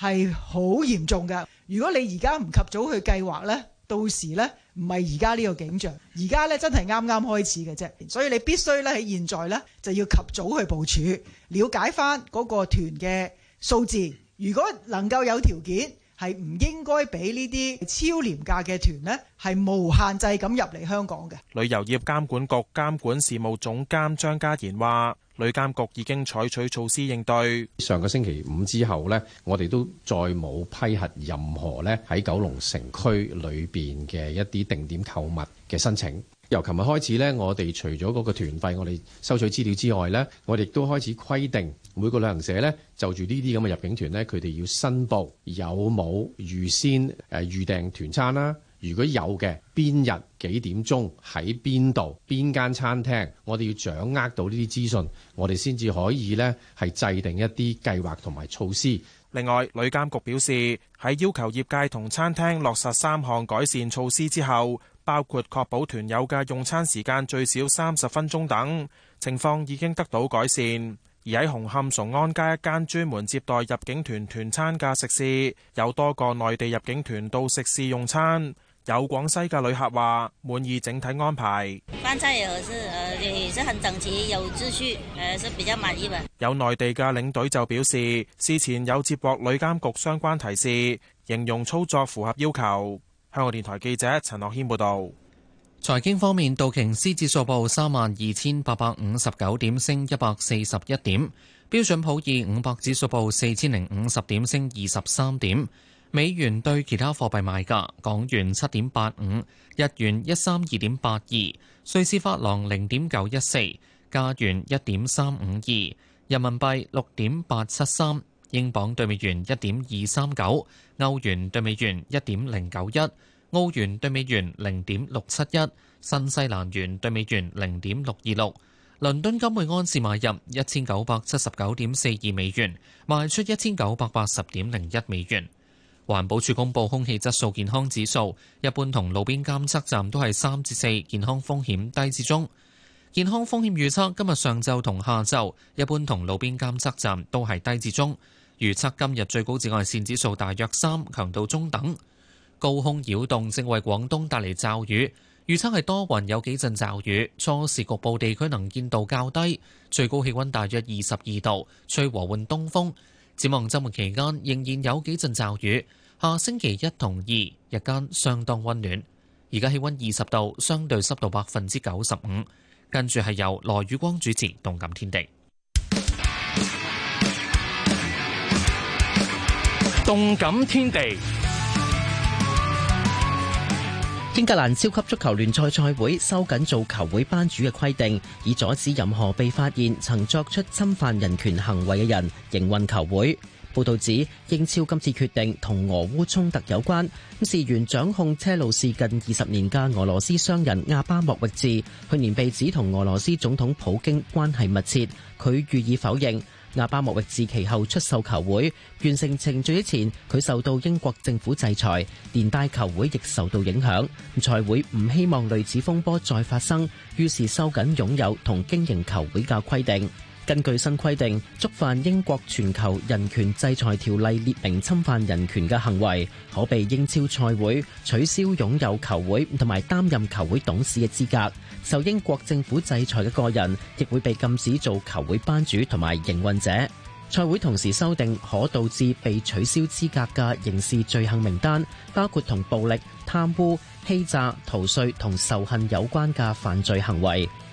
係好嚴重嘅，如果你而家唔及早去計劃呢，到時呢唔係而家呢個景象，而家呢真係啱啱開始嘅啫，所以你必須咧喺現在呢就要及早去部署，了解翻嗰個團嘅數字，如果能夠有條件，係唔應該俾呢啲超廉價嘅團呢係無限制咁入嚟香港嘅。旅遊業監管局監管事務總監張家賢話。旅監局已經採取措施應對，上個星期五之後呢我哋都再冇批核任何呢喺九龍城區裏邊嘅一啲定點購物嘅申請。由琴日開始呢我哋除咗嗰個團費，我哋收取資料之外呢，我哋亦都開始規定每個旅行社呢，就住呢啲咁嘅入境團呢，佢哋要申報有冇預先誒預訂團餐啦。如果有嘅邊日幾點鐘，喺邊度邊間餐廳，我哋要掌握到呢啲資訊，我哋先至可以咧係制定一啲計劃同埋措施。另外，旅監局表示喺要求業界同餐廳落實三項改善措施之後，包括確保團友嘅用餐時間最少三十分鐘等情況已經得到改善。而喺紅磡崇安街一間專門接待入境團團餐嘅食肆，有多個內地入境團到食肆用餐。有廣西嘅旅客話滿意整體安排，有秩有內地嘅領隊就表示，事前有接獲旅監局相關提示，形容操作符合要求。香港電台記者陳樂謙報道。財經方面，道瓊斯指數報三萬二千八百五十九點，升一百四十一點；標準普爾五百指數報四千零五十點，升二十三點。美元對其他貨幣賣價，港元七點八五，日元一三二點八二，瑞士法郎零點九一四，加元一點三五二，人民幣六點八七三，英鎊對美元一點二三九，歐元對美元一點零九一，澳元對美元零點六七一，新西蘭元對美元零點六二六。倫敦金每安士買入一千九百七十九點四二美元，賣出一千九百八十點零一美元。環保署公布空氣質素健康指數，一般同路邊監測站都係三至四，健康風險低至中。健康風險預測今日上晝同下晝，一般同路邊監測站都係低至中。預測今日最高紫外線指數大約三，強度中等。高空擾動正為廣東帶嚟驟雨，預測係多雲有幾陣驟雨，初時局部地區能見度較低。最高氣溫大約二十二度，吹和緩東風。展望周末期間仍然有幾陣驟雨，下星期一同二日間相當溫暖。而家氣溫二十度，相對濕度百分之九十五。跟住係由羅宇光主持《動感天地》，《動感天地》。英格蘭超級足球聯賽賽會收緊做球會班主嘅規定，以阻止任何被發現曾作出侵犯人權行為嘅人營運球會。報道指，英超今次決定同俄烏衝突有關。咁事源掌控車路士近二十年嘅俄羅斯商人阿巴莫域治去年被指同俄羅斯總統普京關係密切，佢予以否認。阿巴莫域自其後出售球會，完成程序之前，佢受到英國政府制裁，連帶球會亦受到影響。財會唔希望類似風波再發生，於是收緊擁有同經營球會嘅規定。根據新規定，觸犯英國全球人權制裁條例列明侵犯人權嘅行為，可被英超賽會取消擁有球會同埋擔任球會董事嘅資格。受英國政府制裁嘅個人，亦會被禁止做球會班主同埋營運者。賽會同時修訂可導致被取消資格嘅刑事罪行名單，包括同暴力、貪污、欺詐、逃稅同仇恨有關嘅犯罪行為。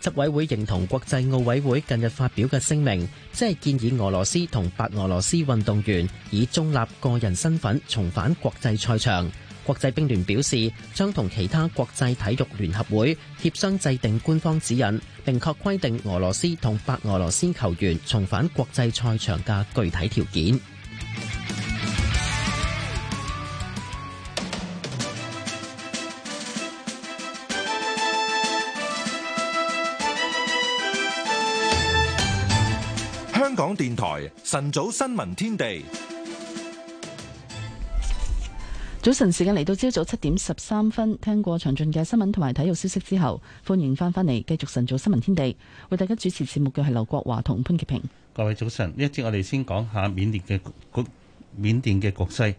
執委會認同國際奧委會近日發表嘅聲明，即係建議俄羅斯同白俄羅斯運動員以中立個人身份重返國際賽場。國際乒聯表示，將同其他國際體育聯合會協商制定官方指引，明確規定俄羅斯同白俄羅斯球員重返國際賽場嘅具體條件。港電台晨早新聞天地，早晨時間嚟到朝早七點十三分，聽過詳盡嘅新聞同埋體育消息之後，歡迎翻翻嚟繼續晨早新聞天地，為大家主持節目嘅係劉國華同潘潔平。各位早晨，呢一節我哋先講下緬甸嘅國緬甸嘅局勢。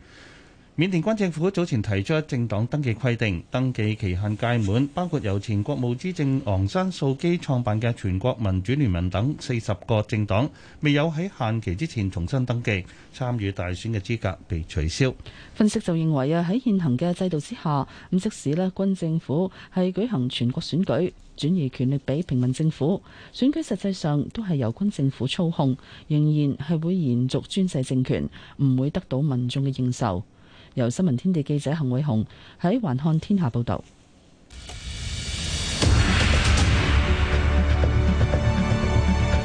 緬甸軍政府早前提出政黨登記規定，登記期限屆滿，包括由前國務資政昂山素基創辦嘅全國民主聯盟等四十個政黨未有喺限期之前重新登記，參與大選嘅資格被取消。分析就認為啊，喺現行嘅制度之下，咁即使呢軍政府係舉行全國選舉，轉移權力俾平民政府，選舉實際上都係由軍政府操控，仍然係會延續專制政權，唔會得到民眾嘅認受。由新聞天地記者陳偉雄喺《環看天下》報道。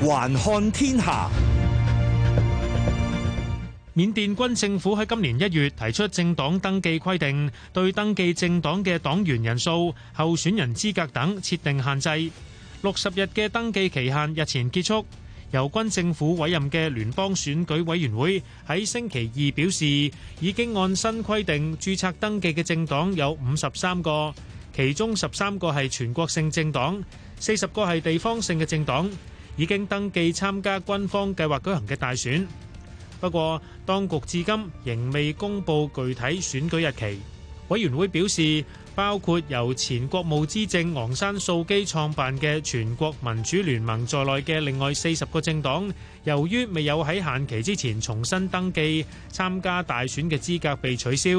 《環看天下》緬甸軍政府喺今年一月提出政黨登記規定，對登記政黨嘅黨員人數、候選人資格等設定限制。六十日嘅登記期限日前結束。由軍政府委任嘅聯邦選舉委員會喺星期二表示，已經按新規定註冊登記嘅政黨有五十三個，其中十三個係全國性政黨，四十個係地方性嘅政黨，已經登記參加軍方計劃舉行嘅大選。不過，當局至今仍未公布具體選舉日期。委員會表示，包括由前國務資政昂山素基創辦嘅全國民主聯盟在內嘅另外四十個政黨，由於未有喺限期之前重新登記，參加大選嘅資格被取消。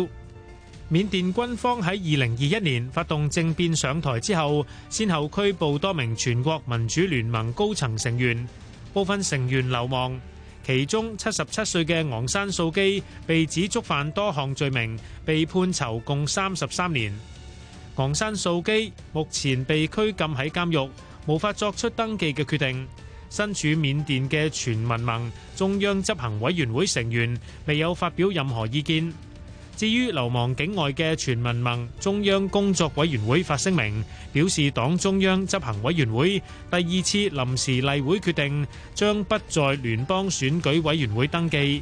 緬甸軍方喺二零二一年發動政變上台之後，先後拘捕多名全國民主聯盟高層成員，部分成員流亡。其中七十七歲嘅昂山素基被指觸犯多項罪名，被判囚共三十三年。昂山素基目前被拘禁喺監獄，無法作出登記嘅決定。身處緬甸嘅全民盟中央執行委員會成員未有發表任何意見。至於流亡境外嘅全民盟中央工作委員會發聲明，表示黨中央執行委員會第二次臨時例會決定將不在聯邦選舉委員會登記。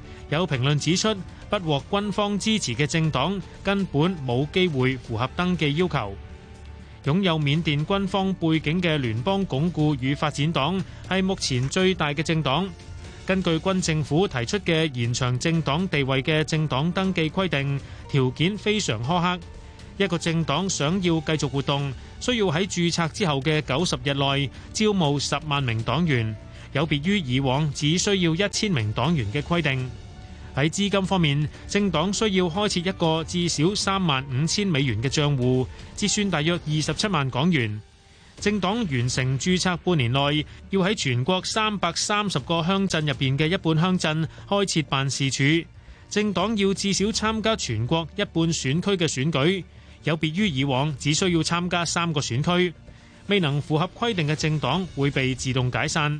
有評論指出，不獲軍方支持嘅政黨根本冇機會符合登記要求。擁有緬甸軍方背景嘅聯邦鞏固與發展黨係目前最大嘅政黨。根據軍政府提出嘅延長政黨地位嘅政黨登記規定，條件非常苛刻。一個政黨想要繼續活動，需要喺註冊之後嘅九十日內招募十萬名黨員，有別於以往只需要一千名黨員嘅規定。喺資金方面，政黨需要開設一個至少三萬五千美元嘅帳戶，折算大約二十七萬港元。政黨完成註冊半年內，要喺全國三百三十個鄉鎮入邊嘅一半鄉鎮開設辦事處。政黨要至少參加全國一半選區嘅選舉，有別於以往只需要參加三個選區。未能符合規定嘅政黨會被自動解散。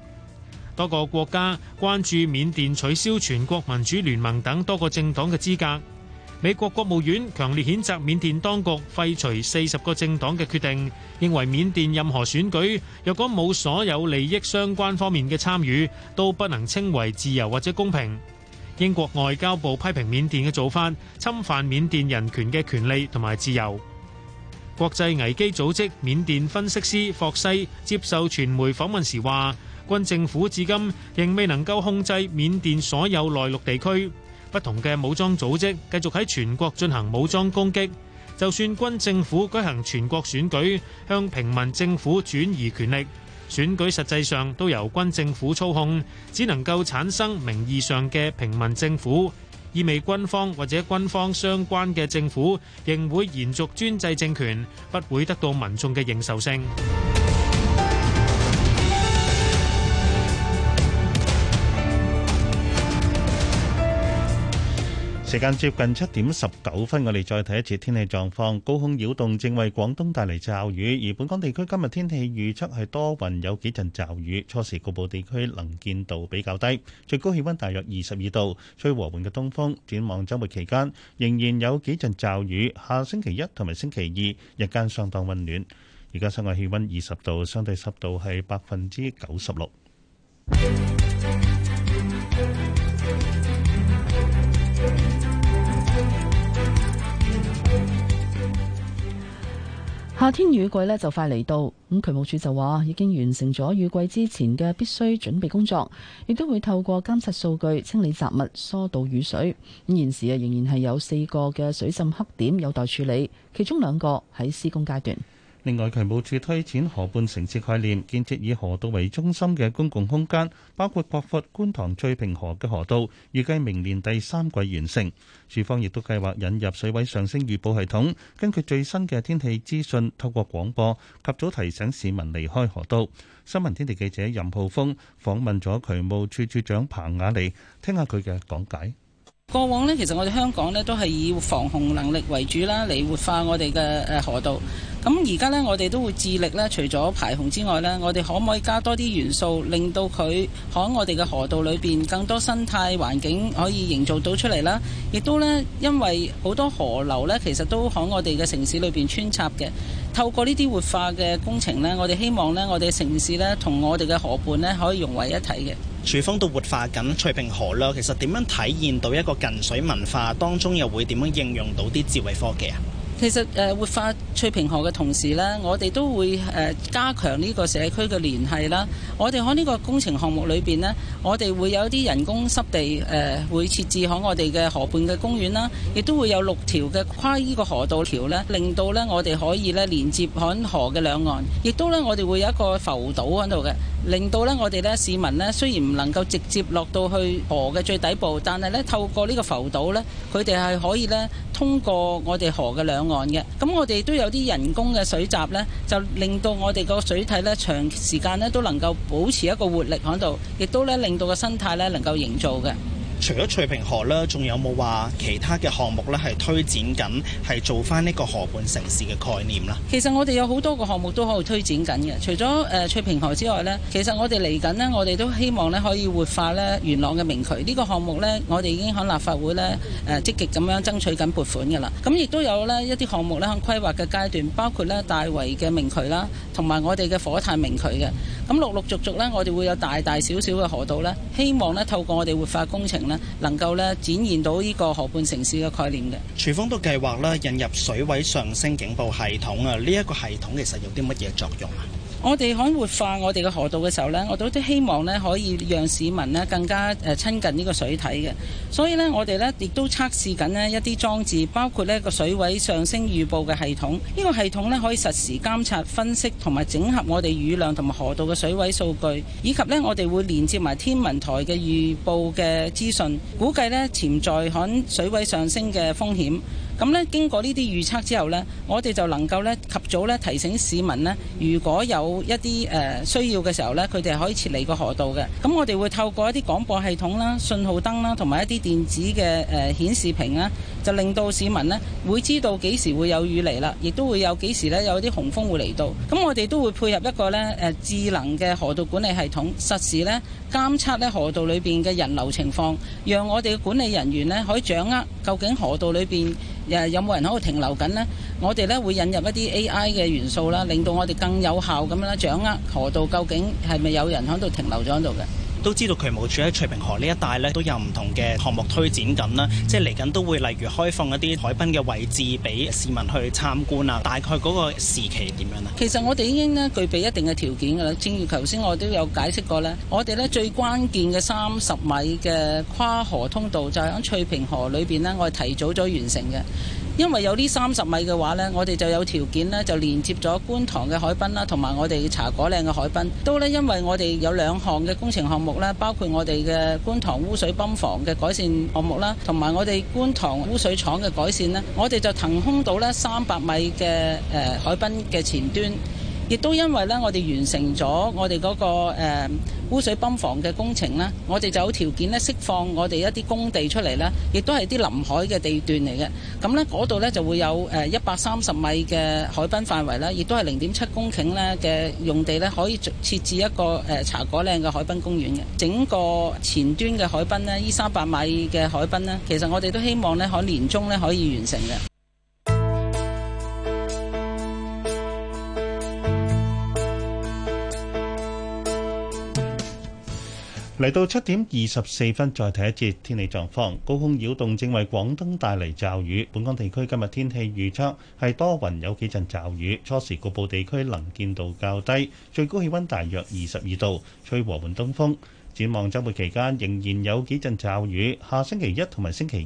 多個國家關注緬甸取消全國民主聯盟等多個政黨嘅資格。美國國務院強烈譴責緬甸當局廢除四十個政黨嘅決定，認為緬甸任何選舉，若果冇所有利益相關方面嘅參與，都不能稱為自由或者公平。英國外交部批評緬甸嘅做法，侵犯緬甸人權嘅權利同埋自由。國際危機組織緬甸分析師霍西接受傳媒訪問時話：軍政府至今仍未能夠控制緬甸所有內陸地區，不同嘅武裝組織繼續喺全國進行武裝攻擊。就算軍政府舉行全國選舉，向平民政府轉移權力，選舉實際上都由軍政府操控，只能夠產生名義上嘅平民政府，意味軍方或者軍方相關嘅政府仍會延續專制政權，不會得到民眾嘅認受性。時間接近七點十九分，我哋再睇一次天氣狀況。高空擾動正為廣東帶嚟驟雨，而本港地區今日天氣預測係多雲，有幾陣驟雨。初時局部地區能見度比較低，最高氣温大約二十二度，吹和緩嘅東風。展望周末期間，仍然有幾陣驟雨。下星期一同埋星期二日間相當温暖。而家室外氣温二十度，相對濕度係百分之九十六。夏天雨季呢，就快嚟到，咁渠務署就話已經完成咗雨季之前嘅必須準備工作，亦都會透過監察數據清理雜物、疏導雨水。咁現時啊，仍然係有四個嘅水浸黑點有待處理，其中兩個喺施工階段。另外，渠務署推展河畔城市概念，建設以河道為中心嘅公共空間，包括博佛觀塘翠屏河嘅河道，預計明年第三季完成。署方亦都計劃引入水位上升預報系統，根據最新嘅天氣資訊，透過廣播及早提醒市民離開河道。新聞天地記者任浩峰訪問咗渠務署署長彭雅妮，聽下佢嘅講解。過往呢，其實我哋香港呢都係以防洪能力為主啦，嚟活化我哋嘅誒河道。咁而家呢，我哋都會致力呢，除咗排洪之外呢，我哋可唔可以加多啲元素，令到佢喺我哋嘅河道裏邊更多生態環境可以營造到出嚟啦。亦都呢，因為好多河流呢，其實都喺我哋嘅城市裏邊穿插嘅。透過呢啲活化嘅工程呢，我哋希望呢，我哋城市呢，同我哋嘅河畔呢，可以融為一體嘅。處方都活化緊翠屏河啦，其實點樣體現到一個近水文化當中，又會點樣應用到啲智慧科技啊？其實誒、uh, 活化。翠屏河嘅同時咧，我哋都會誒、呃、加強呢個社區嘅聯繫啦。我哋喺呢個工程項目裏邊咧，我哋會有啲人工濕地誒、呃、會設置響我哋嘅河畔嘅公園啦，亦都會有六條嘅跨呢個河道橋，咧令到咧我哋可以咧連接響河嘅兩岸，亦都咧我哋會有一個浮島喺度嘅，令到咧我哋咧市民咧雖然唔能夠直接落到去河嘅最底部，但係咧透過呢個浮島咧，佢哋係可以咧通過我哋河嘅兩岸嘅。咁我哋都。有啲人工嘅水閘咧，就令到我哋個水體咧，長時間咧都能夠保持一個活力響度，亦都咧令到個生態咧能夠營造嘅。除咗翠屏河啦，仲有冇話其他嘅項目咧係推展緊，係做翻呢個河畔城市嘅概念啦，呃？其實我哋有好多個項目都喺度推展緊嘅。除咗誒翠屏河之外咧，其實我哋嚟緊咧，我哋都希望咧可以活化咧元朗嘅明渠，這個，呢個項目咧，我哋已經響立法會咧誒積極咁樣爭取緊撥款嘅啦。咁亦都有咧一啲項目咧響規劃嘅階段，包括咧大圍嘅明渠啦，同埋我哋嘅火炭明渠嘅。咁陸陸續續咧，我哋會有大大小小嘅河道咧，希望咧透過我哋活化工程咧，能夠咧展現到呢個河畔城市嘅概念嘅。荃豐都計劃啦，引入水位上升警報系統啊。呢、這、一個系統其實有啲乜嘢作用啊？我哋喺活化我哋嘅河道嘅時候咧，我都都希望咧可以讓市民咧更加誒親近呢個水體嘅。所以咧，我哋咧亦都測試緊咧一啲裝置，包括咧個水位上升預報嘅系統，呢個系統咧可以實時監察、分析同埋整合我哋雨量同埋河道嘅水位數據，以及咧我哋會連接埋天文台嘅預報嘅資訊，估計咧潛在響水位上升嘅風險。咁咧，經過呢啲預測之後呢，我哋就能夠咧及早咧提醒市民咧，如果有一啲誒需要嘅時候咧，佢哋可以撤離個河道嘅。咁我哋會透過一啲廣播系統啦、信號燈啦，同埋一啲電子嘅誒顯示屏啦。就令到市民呢，會知道幾時會有雨嚟啦，亦都會有幾時呢，有啲洪峰會嚟到。咁我哋都會配合一個呢誒智能嘅河道管理系統，實時呢監測呢河道裏邊嘅人流情況，讓我哋嘅管理人員呢可以掌握究竟河道裏邊誒有冇人喺度停留緊呢。我哋呢會引入一啲 AI 嘅元素啦，令到我哋更有效咁樣啦掌握河道究竟係咪有人喺度停留咗喺度嘅。都知道渠務署喺翠屏河呢一帶咧都有唔同嘅項目推展緊啦，即係嚟緊都會例如開放一啲海濱嘅位置俾市民去參觀啊！大概嗰個時期點樣啊？其實我哋已經咧具備一定嘅條件噶啦，正如頭先我都有解釋過咧，我哋咧最關鍵嘅三十米嘅跨河通道就響翠屏河裏邊咧，我係提早咗完成嘅。因為有呢三十米嘅話呢，我哋就有條件呢就連接咗觀塘嘅海濱啦，同埋我哋茶果嶺嘅海濱。都呢，因為我哋有兩項嘅工程項目啦，包括我哋嘅觀塘污水泵房嘅改善項目啦，同埋我哋觀塘污水廠嘅改善呢，我哋就騰空到呢三百米嘅誒海濱嘅前端。亦都因為咧，我哋完成咗我哋嗰、嗰個、呃、污水泵房嘅工程呢，我哋就有條件咧釋放我哋一啲工地出嚟啦。亦都係啲臨海嘅地段嚟嘅。咁呢，嗰度呢，就會有誒一百三十米嘅海濱範圍啦，亦都係零點七公頃呢嘅用地呢，可以設置一個誒、呃、茶果嶺嘅海濱公園嘅。整個前端嘅海濱呢，呢三百米嘅海濱呢，其實我哋都希望呢，可年中呢，可以完成嘅。嚟到七點二十四分，再睇一節天氣狀況。高空擾動正為廣東帶嚟驟雨，本港地區今日天、天氣預測係多雲，有幾陣驟雨。初時局部地區能見度較低，最高氣温大約二十二度，吹和緩東風。展望周末期間仍然有幾陣驟雨，下星期一同埋星期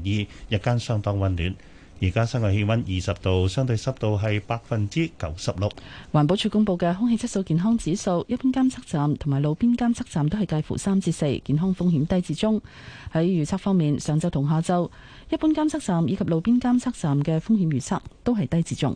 二日間相當温暖。而家室外氣溫二十度，相對濕度係百分之九十六。環保署公布嘅空氣質素健康指數，一般監測站同埋路邊監測站都係介乎三至四，健康風險低至中。喺預測方面，上晝同下晝，一般監測站以及路邊監測站嘅風險預測都係低至中。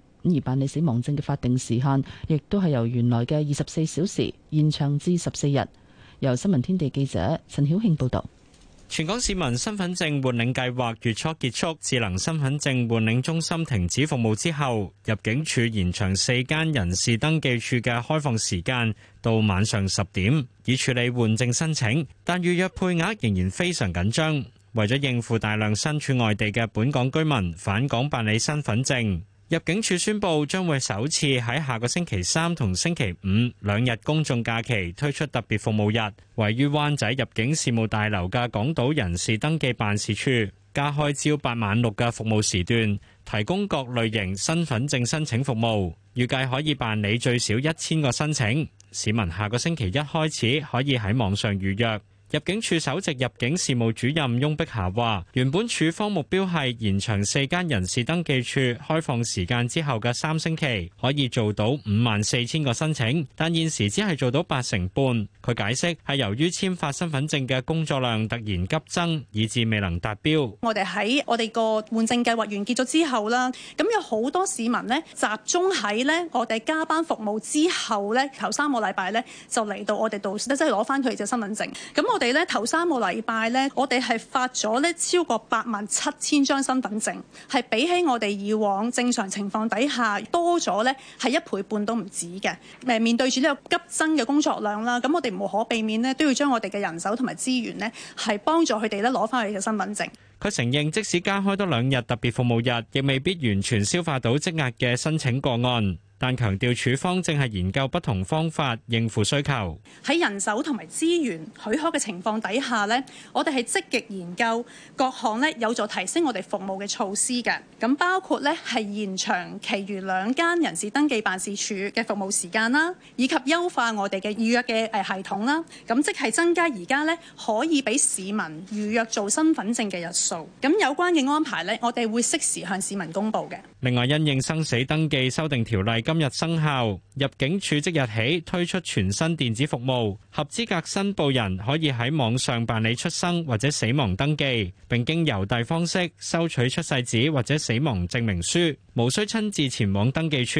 而辦理死亡證嘅法定時限亦都係由原來嘅二十四小時延長至十四日。由新聞天地記者陳曉慶報道。全港市民身份證換領計劃月初結束，智能身份證換領中心停止服務之後，入境處延長四間人事登記處嘅開放時間到晚上十點，以處理換證申請，但預約配額仍然非常緊張。為咗應付大量身處外地嘅本港居民返港辦理身份證。入境處宣布將會首次喺下個星期三同星期五兩日公眾假期推出特別服務日，位於灣仔入境事務大樓嘅港島人士登記辦事處加開朝八晚六嘅服務時段，提供各類型身份證申請服務，預計可以辦理最少一千個申請。市民下個星期一開始可以喺網上預約。入境處首席入境事務主任翁碧霞話：原本處方目標係延長四間人事登記處開放時間之後嘅三星期，可以做到五萬四千個申請，但現時只係做到八成半。佢解釋係由於簽發身份證嘅工作量突然急增，以致未能達標。我哋喺我哋個換證計劃完結咗之後啦，咁有好多市民呢集中喺呢我哋加班服務之後呢頭三個禮拜呢就嚟到我哋度，即係攞翻佢隻身份證。咁我我哋咧頭三個禮拜咧，我哋係發咗呢超過八萬七千張身份證，係比起我哋以往正常情況底下多咗咧，係一倍半都唔止嘅。誒面對住呢個急增嘅工作量啦，咁我哋無可避免呢都要將我哋嘅人手同埋資源呢係幫助佢哋咧攞翻佢嘅身份證。佢承認，即使加開多兩日特別服務日，亦未必完全消化到積壓嘅申請個案。但強調，處方正係研究不同方法應付需求。喺人手同埋資源許可嘅情況底下呢，我哋係積極研究各項呢有助提升我哋服務嘅措施嘅。咁包括呢係延長其餘兩間人事登記辦事處嘅服務時間啦，以及優化我哋嘅預約嘅誒系統啦。咁即係增加而家呢可以俾市民預約做身份證嘅日數。咁有關嘅安排呢，我哋會適時向市民公佈嘅。另外，因應生死登記修訂條例。今日生效，入境處即日起推出全新電子服務，合資格申報人可以喺網上辦理出生或者死亡登記，並經郵遞方式收取出世紙或者死亡證明書，無需親自前往登記處。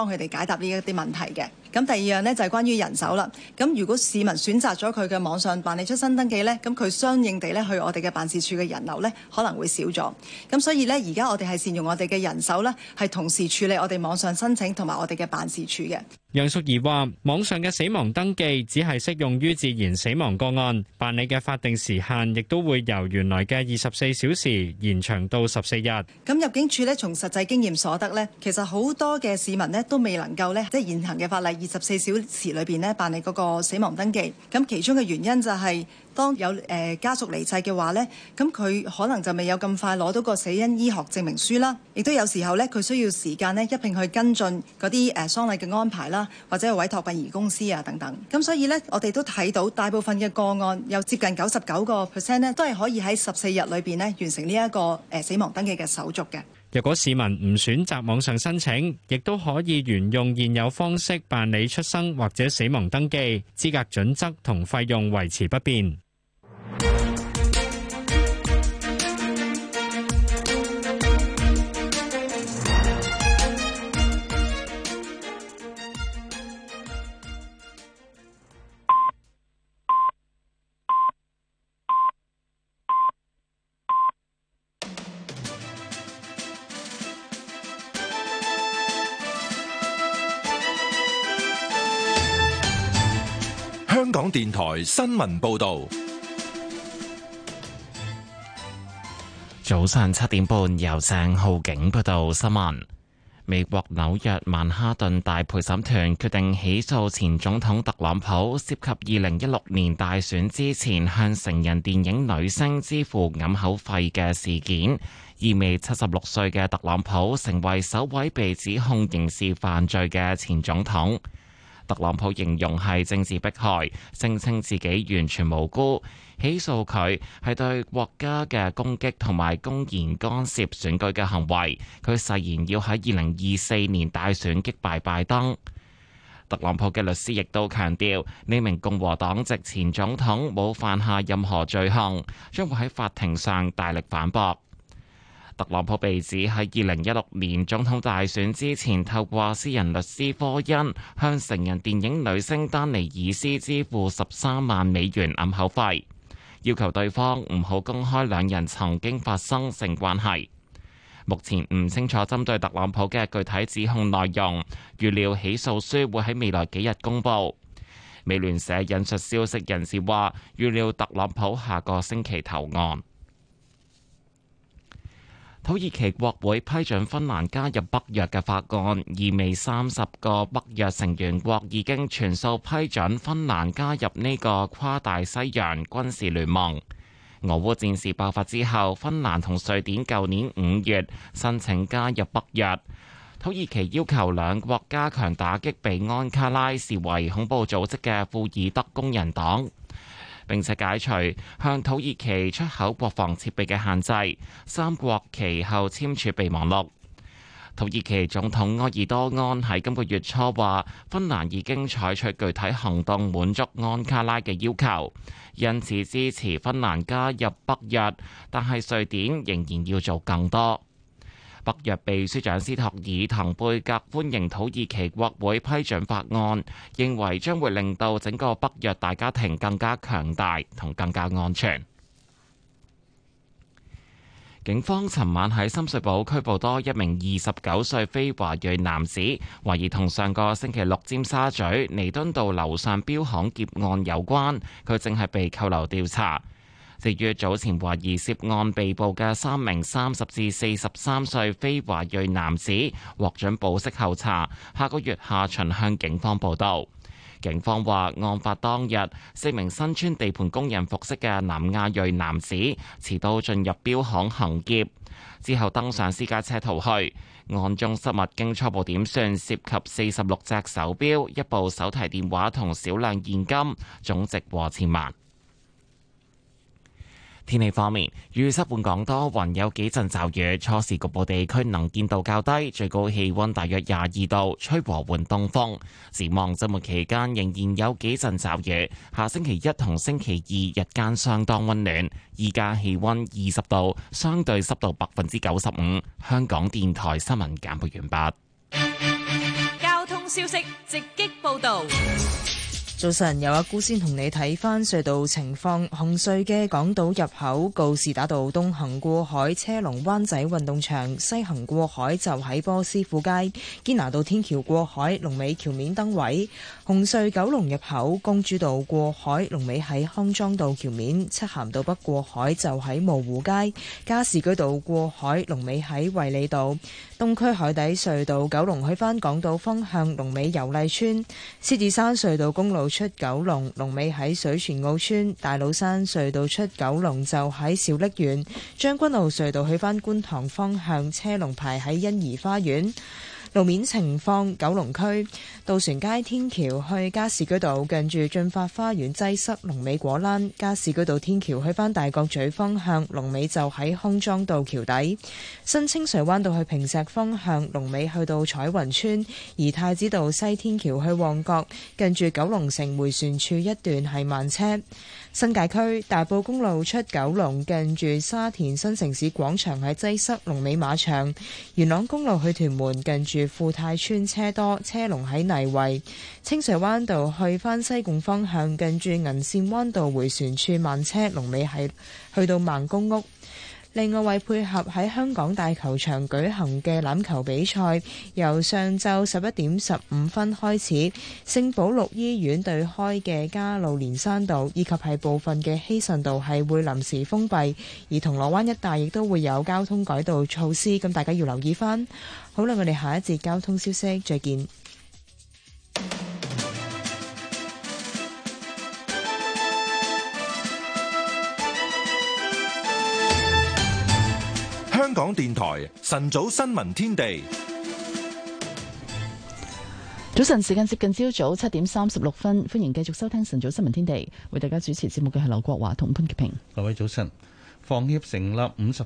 幫佢哋解答呢一啲問題嘅。咁第二樣呢就係關於人手啦。咁如果市民選擇咗佢嘅網上辦理出生登記呢，咁佢相應地呢去我哋嘅辦事處嘅人流呢可能會少咗。咁所以呢，而家我哋係善用我哋嘅人手呢，係同時處理我哋網上申請同埋我哋嘅辦事處嘅。楊淑儀話：網上嘅死亡登記只係適用於自然死亡個案，辦理嘅法定時限亦都會由原來嘅二十四小時延長到十四日。咁入境處呢，從實際經驗所得呢，其實好多嘅市民呢都未能夠呢，即係現行嘅法例。二十四小時裏邊咧辦理嗰個死亡登記，咁其中嘅原因就係、是、當有誒、呃、家屬離世嘅話咧，咁佢可能就未有咁快攞到個死因醫學證明書啦，亦都有時候咧佢需要時間呢，一併去跟進嗰啲誒喪禮嘅安排啦，或者係委託殯儀公司啊等等。咁所以咧，我哋都睇到大部分嘅個案有接近九十九個 percent 咧，都係可以喺十四日裏邊咧完成呢一個誒死亡登記嘅手續嘅。若果市民唔選擇網上申請，亦都可以沿用現有方式辦理出生或者死亡登記，資格準則同費用維持不變。電台新聞報道：早上七點半，由鄭浩景報道新聞。美國紐約曼哈頓大陪審團決定起訴前總統特朗普，涉及二零一六年大選之前向成人電影女星支付掩口費嘅事件，意味七十六歲嘅特朗普成為首位被指控刑事犯罪嘅前總統。特朗普形容係政治迫害，聲稱自己完全無辜，起訴佢係對國家嘅攻擊同埋公然干涉選舉嘅行為。佢誓言要喺二零二四年大選擊敗拜登。特朗普嘅律師亦都強調，呢名共和黨籍前總統冇犯下任何罪行，將會喺法庭上大力反駁。特朗普被指喺二零一六年總統大選之前，透過私人律師科恩向成人電影女星丹尼爾斯支付十三萬美元暗口費，要求對方唔好公開兩人曾經發生性關係，目前唔清楚針對特朗普嘅具體指控內容，預料起訴書會喺未來幾日公布。美聯社引述消息人士話預料特朗普下個星期投案。土耳其國會批准芬蘭加入北約嘅法案，意味三十個北約成員國已經全數批准芬蘭加入呢個跨大西洋軍事聯盟。俄烏戰事爆發之後，芬蘭同瑞典舊年五月申請加入北約。土耳其要求兩國加強打擊被安卡拉視為恐怖組織嘅庫爾德工人黨。並且解除向土耳其出口國防設備嘅限制，三國其後簽署備忘錄。土耳其總統埃爾多安喺今個月初話，芬蘭已經採取具體行動滿足安卡拉嘅要求，因此支持芬蘭加入北約。但係瑞典仍然要做更多。北約秘書長斯托爾滕貝格歡迎土耳其國會批准法案，認為將會令到整個北約大家庭更加強大同更加安全。警方尋晚喺深水埗拘捕多一名二十九歲非華裔男子，懷疑同上個星期六尖沙咀彌敦道樓上錶行劫案有關，佢正係被扣留調查。至於早前懷疑涉案被捕嘅三名三十至四十三歲非華裔男子，獲准保釋候查，下個月下旬向警方報道。警方話，案發當日，四名身穿地盤工人服飾嘅南亞裔男子持刀進入標行行劫，之後登上私家車逃去。案中失物經初步點算，涉及四十六隻手錶、一部手提電話同少量現金，總值和千萬。天氣方面，雨濕本港多雲，還有幾陣驟雨，初時局部地區能見度較低，最高氣温大約廿二度，吹和緩東風。展望周末期間仍然有幾陣驟雨，下星期一同星期二日間相當温暖，而家氣温二十度，相對濕度百分之九十五。香港電台新聞簡報完畢。交通消息直擊報道。早晨，有阿姑先同你睇返隧道情況。紅隧嘅港島入口告士打道東行過海車龍，灣仔運動場西行過海就喺波斯富街堅拿道天橋過海，龍尾橋面燈位。紅隧九龍入口，公主道過海，龍尾喺康莊道橋面；漆咸道北過海就喺蕪湖街；加士居道過海，龍尾喺衛理道；東區海底隧道九龍去返港島方向，龍尾油麗邨；獅子山隧道公路出九龍，龍尾喺水泉澳村；大老山隧道出九龍就喺小瀝源；將軍澳隧道去返觀塘方向，車龍排喺欣怡花園。路面情況：九龍區渡船街天橋去加士居道，近住俊發花園擠塞；龍尾果欄，加士居道天橋去返大角咀方向，龍尾就喺康莊道橋底；新清水灣道去坪石方向，龍尾去到彩雲村；而太子道西天橋去旺角，近住九龍城迴旋處一段係慢車。新界區大埔公路出九龍，近住沙田新城市廣場喺擠塞；龍尾馬場，元朗公路去屯門，近住。富泰村車多，車龍喺泥圍。清水灣道去返西貢方向，近住銀線灣道回旋處慢車龍尾係去到孟公屋。另外，為配合喺香港大球場舉行嘅籃球比賽，由上晝十一點十五分開始，聖保祿醫院對開嘅加路連山道以及係部分嘅希慎道係會臨時封閉，而銅鑼灣一帶亦都會有交通改道措施，咁大家要留意翻。好啦，我哋下一節交通消息再見。香港電台晨早新聞天地，早晨時間接近朝早七點三十六分，歡迎繼續收聽晨早新聞天地，為大家主持節目嘅係劉國華同潘潔平。各位早晨，房協成立五十。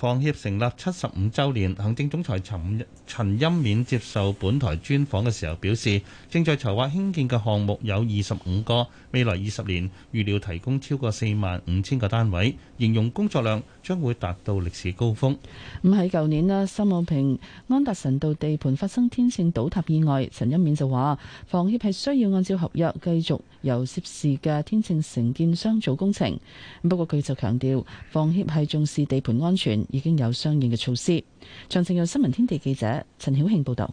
房協成立七十五週年，行政總裁陳陳欽勉接受本台專訪嘅時候表示，正在籌劃興建嘅項目有二十五個，未來二十年預料提供超過四萬五千個單位，形容工作量將會達到歷史高峰。咁喺舊年啦，秀茂坪安達臣道地盤發生天秤倒塌意外，陳欽勉就話房協係需要按照合約繼續由涉事嘅天秤承建商做工程。不過佢就強調房協係重視地盤安全。已經有相應嘅措施。詳情有新聞天地記者陳曉慶報道。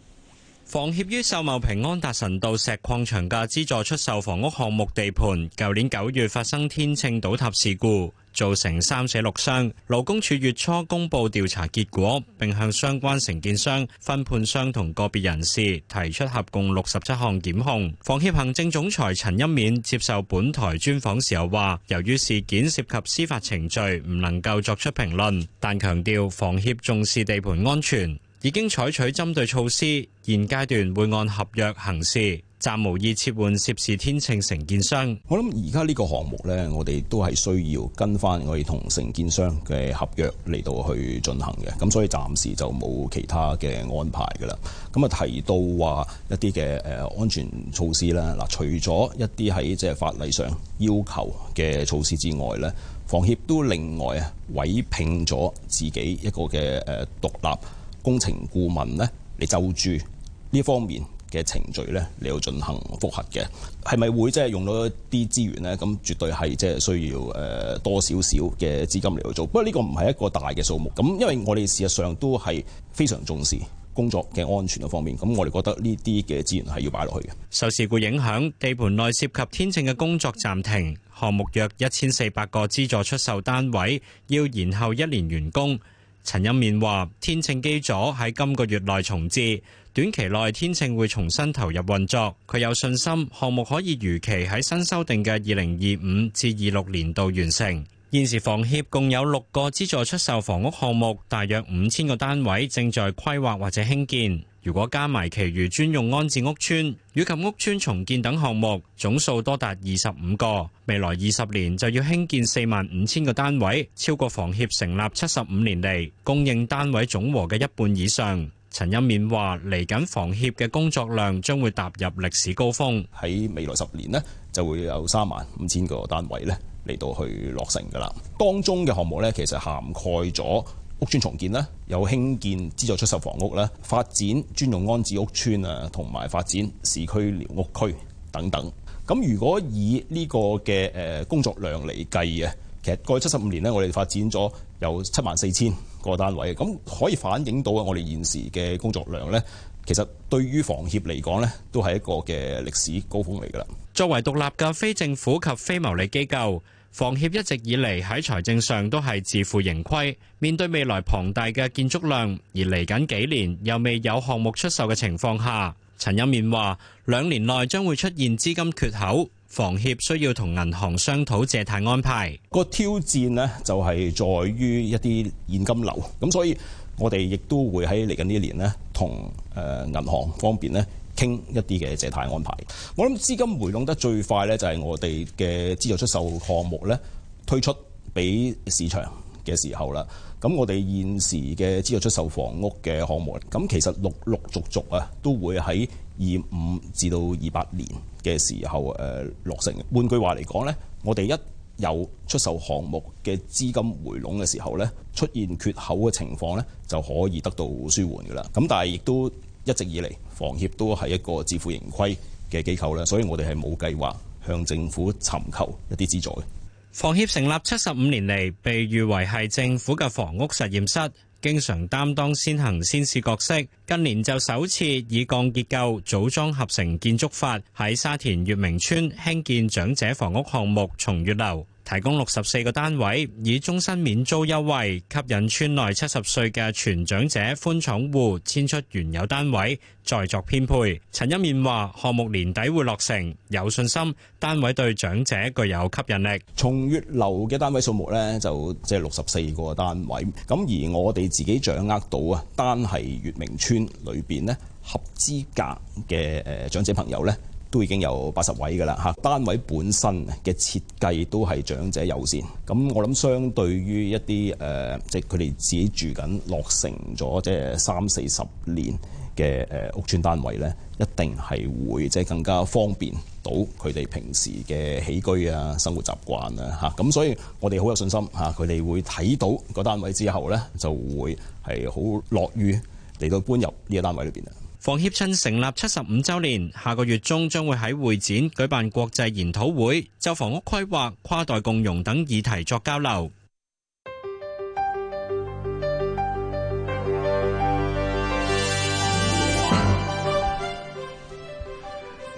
房協於秀茂坪安達臣道石礦場嘅資助出售房屋項目地盤，舊年九月發生天秤倒塌事故。造成三死六傷，勞工處月初公布調查結果，並向相關承建商、分判商同個別人士提出合共六十七項檢控。房協行政總裁陳欽勉接受本台專訪時候話，由於事件涉及司法程序，唔能夠作出評論，但強調房協重視地盤安全，已經採取針對措施，現階段會按合約行事。暫無意撤換涉事天秤承建商。我諗而家呢個項目呢，我哋都係需要跟返我哋同承建商嘅合約嚟到去進行嘅，咁所以暫時就冇其他嘅安排噶啦。咁啊提到話一啲嘅誒安全措施啦。嗱，除咗一啲喺即係法例上要求嘅措施之外呢，房協都另外啊委聘咗自己一個嘅誒獨立工程顧問呢嚟就住呢方面。嘅程序呢，你要進行複核嘅，係咪會即係用到一啲資源呢，咁絕對係即係需要誒多少少嘅資金嚟到做。不過呢個唔係一個大嘅數目。咁因為我哋事實上都係非常重視工作嘅安全嘅方面。咁我哋覺得呢啲嘅資源係要擺落去嘅。受事故影響，地盤內涉及天秤嘅工作暫停，項目約一千四百個資助出售單位要延後一年完工。陳欣綿話：天秤基礎喺今個月內重置。短期內，天秤會重新投入運作，佢有信心項目可以如期喺新修訂嘅二零二五至二六年度完成。現時房協共有六個資助出售房屋項目，大約五千個單位正在規劃或者興建。如果加埋其餘專用安置屋邨，以及屋邨重建等項目，總數多達二十五個，未來二十年就要興建四萬五千個單位，超過房協成立七十五年嚟供應單位總和嘅一半以上。陳欽勉話，嚟緊房協嘅工作量將會踏入歷史高峰。喺未來十年呢，就會有三萬五千個單位呢嚟到去落成噶啦。當中嘅項目呢，其實涵蓋咗屋邨重建啦，有興建資助出售房屋啦，發展專用安置屋邨啊，同埋發展市區寮屋區等等。咁如果以呢個嘅誒工作量嚟計啊，其實過去七十五年呢，我哋發展咗有七萬四千。個單位咁可以反映到啊，我哋現時嘅工作量呢，其實對於房協嚟講呢都係一個嘅歷史高峰嚟㗎喇。作為獨立嘅非政府及非牟利機構，房協一直以嚟喺財政上都係自負盈虧。面對未來龐大嘅建築量，而嚟緊幾年又未有項目出售嘅情況下，陳欣綿話兩年內將會出現資金缺口。房協需要同銀行商討借貸安排，個挑戰呢，就係在於一啲現金流，咁所以我哋亦都會喺嚟緊呢一年呢，同誒銀行方面呢傾一啲嘅借貸安排。我諗資金回籠得最快呢，就係我哋嘅資助出售項目呢，推出俾市場嘅時候啦。咁我哋現時嘅資助出售房屋嘅項目，咁其實陸陸續續啊都會喺。二五至到二八年嘅時候，誒、呃、落成。換句話嚟講，呢我哋一有出售項目嘅資金回籠嘅時候呢，出現缺口嘅情況呢就可以得到舒緩噶啦。咁但係亦都一直以嚟，房協都係一個自負盈虧嘅機構啦，所以我哋係冇計劃向政府尋求一啲資助嘅。房協成立七十五年嚟，被譽為係政府嘅房屋實驗室。經常擔當先行先試角色，近年就首次以鋼結構組裝合成建築法喺沙田乙明邨興建長者房屋項目重月樓。提供六十四個單位，以終身免租優惠吸引村內七十歲嘅全長者、寬敞戶遷出原有單位，再作編配。陳一念話：項目年底會落成，有信心單位對長者具有吸引力。從月樓嘅單位數目咧，就即係六十四個單位。咁而我哋自己掌握到啊，單係月明村裏邊咧合資格嘅誒、呃、長者朋友咧，都已經有八十位嘅啦，嚇單位本身嘅設計都係長者友善，咁我諗相對於一啲誒，即係佢哋自己住緊落成咗，即係三四十年嘅誒屋邨單位呢，一定係會即係更加方便到佢哋平時嘅起居啊、生活習慣啊，嚇。咁所以我哋好有信心嚇，佢、啊、哋會睇到個單位之後呢，就會係好樂於嚟到搬入呢個單位裏邊啊。房協趁成立七十五週年，下個月中將會喺會展舉辦國際研討會，就房屋規劃、跨代共融等議題作交流。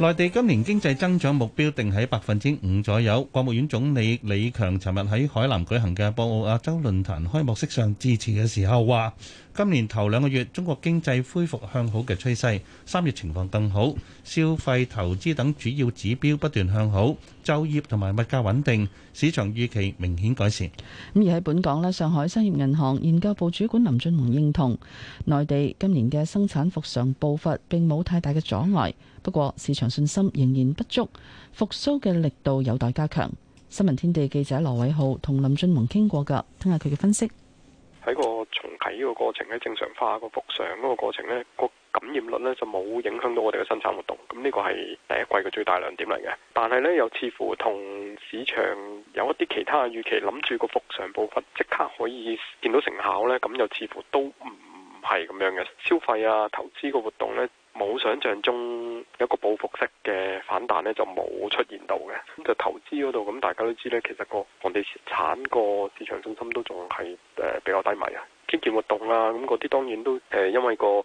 內地今年經濟增長目標定喺百分之五左右。國務院總理李強尋日喺海南舉行嘅博鰲亞洲論壇開幕式上致辭嘅時候話：，今年頭兩個月中國經濟恢復向好嘅趨勢，三月情況更好，消費、投資等主要指標不斷向好，就業同埋物價穩定，市場預期明顯改善。咁而喺本港咧，上海商業銀行研究部主管林俊雄認同，內地今年嘅生產復常步伐並冇太大嘅阻礙。不過市場信心仍然不足，復蘇嘅力度有待加強。新聞天地記者羅偉浩同林俊文傾過噶，聽下佢嘅分析。喺個重啟呢個過程咧，正常化個復常嗰個過程咧，個感染率咧就冇影響到我哋嘅生產活動。咁呢個係第一季嘅最大亮點嚟嘅。但係咧又似乎同市場有一啲其他預期諗住個復常部分即刻可以見到成效咧，咁又似乎都唔係咁樣嘅。消費啊，投資個活動咧。冇想象中一個報復式嘅反彈咧，就冇出現到嘅。咁就投資嗰度，咁大家都知咧，其實個房地產個市場信心都仲係比較低迷啊。基建活動啊，咁嗰啲當然都誒，因為個誒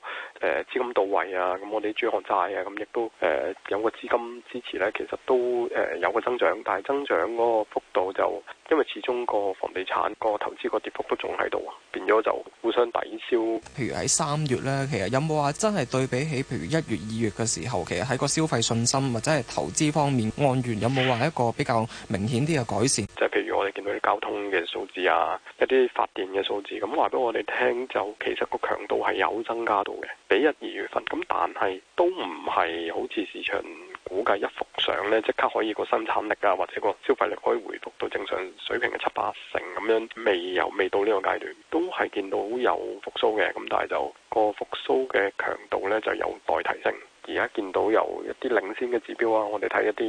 資金到位啊，咁我哋專項債啊，咁亦都誒、呃、有個資金支持咧，其實都誒、呃、有個增長，但係增長嗰個幅度就因為始終個房地產個投資個跌幅都仲喺度啊，變咗就互相抵消。譬如喺三月咧，其實有冇話真係對比起，譬如一月、二月嘅時候，其實喺個消費信心或者係投資方面按月有冇話一個比較明顯啲嘅改善？就係譬如我哋見到啲交通嘅數字啊，一啲發電嘅數字，咁話俾我，你聽就，其實個強度係有增加到嘅，比一二月份咁，但係都唔係好似市場估計一復上呢，即刻可以個生產力啊或者個消費力可以回復到正常水平嘅七八成咁樣，未有未到呢個階段，都係見到有復甦嘅，咁但係就個復甦嘅強度呢，就有待提升。而家見到有一啲領先嘅指標啊，我哋睇一啲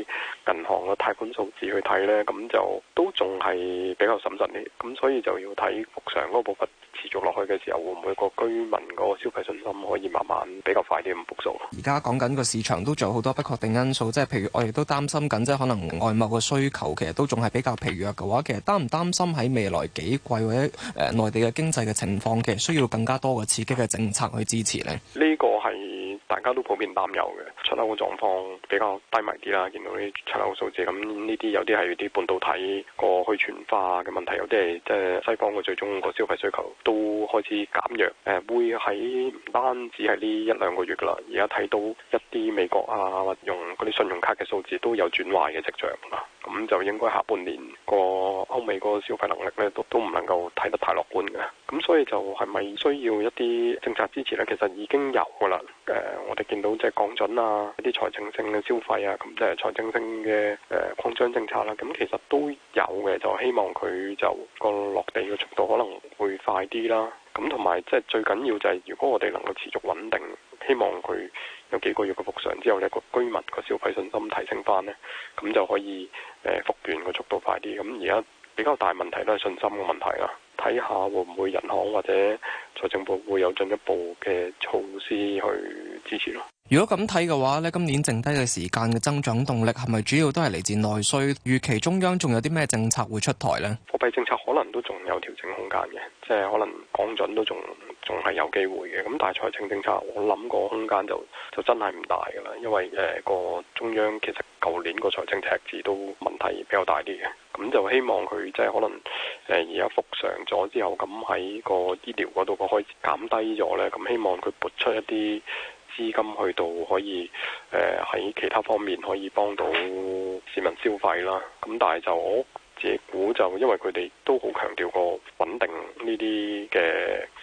銀行嘅貸款數字去睇咧，咁就都仲係比較審慎啲。咁所以就要睇復常嗰部分持續落去嘅時候，會唔會個居民個消費信心可以慢慢比較快啲咁復蘇，而家講緊個市場都仲有好多不確定因素，即係譬如我亦都擔心緊即係可能外貿嘅需求其實都仲係比較疲弱嘅話，其實擔唔擔心喺未來幾季或者誒內地嘅經濟嘅情況其實需要更加多嘅刺激嘅政策去支持咧？呢個係。大家都普遍擔憂嘅出口嘅狀況比較低迷啲啦，見到啲出口數字咁，呢啲有啲係啲半導體個去存化嘅問題，有啲係即係西方嘅最終個消費需求都開始減弱，誒、呃、會喺唔單止係呢一兩個月噶啦，而家睇到一啲美國啊或用嗰啲信用卡嘅數字都有轉壞嘅跡象啦。咁就應該下半年個歐美個消費能力咧，都都唔能夠睇得太樂觀嘅。咁所以就係咪需要一啲政策支持咧？其實已經有㗎喇。誒、呃，我哋見到即係降準啊，一啲財政性嘅消費啊，咁即係財政性嘅誒、呃、擴張政策啦、啊。咁其實都有嘅，就希望佢就個落地嘅速度可能會快啲啦。咁同埋即係最緊要就係，如果我哋能夠持續穩定，希望佢。有幾個月嘅復常之後呢，個居民個消費信心提升翻呢，咁就可以誒復原嘅速度快啲。咁而家比較大問題都係信心嘅問題啦。睇下會唔會銀行或者財政部會有進一步嘅措施去支持咯。如果咁睇嘅話呢，今年剩低嘅時間嘅增長動力係咪主要都係嚟自內需？預期中央仲有啲咩政策會出台呢？貨幣政策可能都仲有調整空間嘅，即係可能降準都仲。仲係有機會嘅，咁但係財政政策，我諗個空間就就真係唔大噶啦，因為誒、呃、個中央其實舊年個財政赤字都問題比較大啲嘅，咁、嗯、就希望佢即係可能誒而家復常咗之後，咁、嗯、喺個醫療嗰度個開支減低咗呢。咁、嗯、希望佢撥出一啲資金去到可以誒喺、呃、其他方面可以幫到市民消費啦，咁、嗯、但係就。自己估就，因為佢哋都好強調過穩定呢啲嘅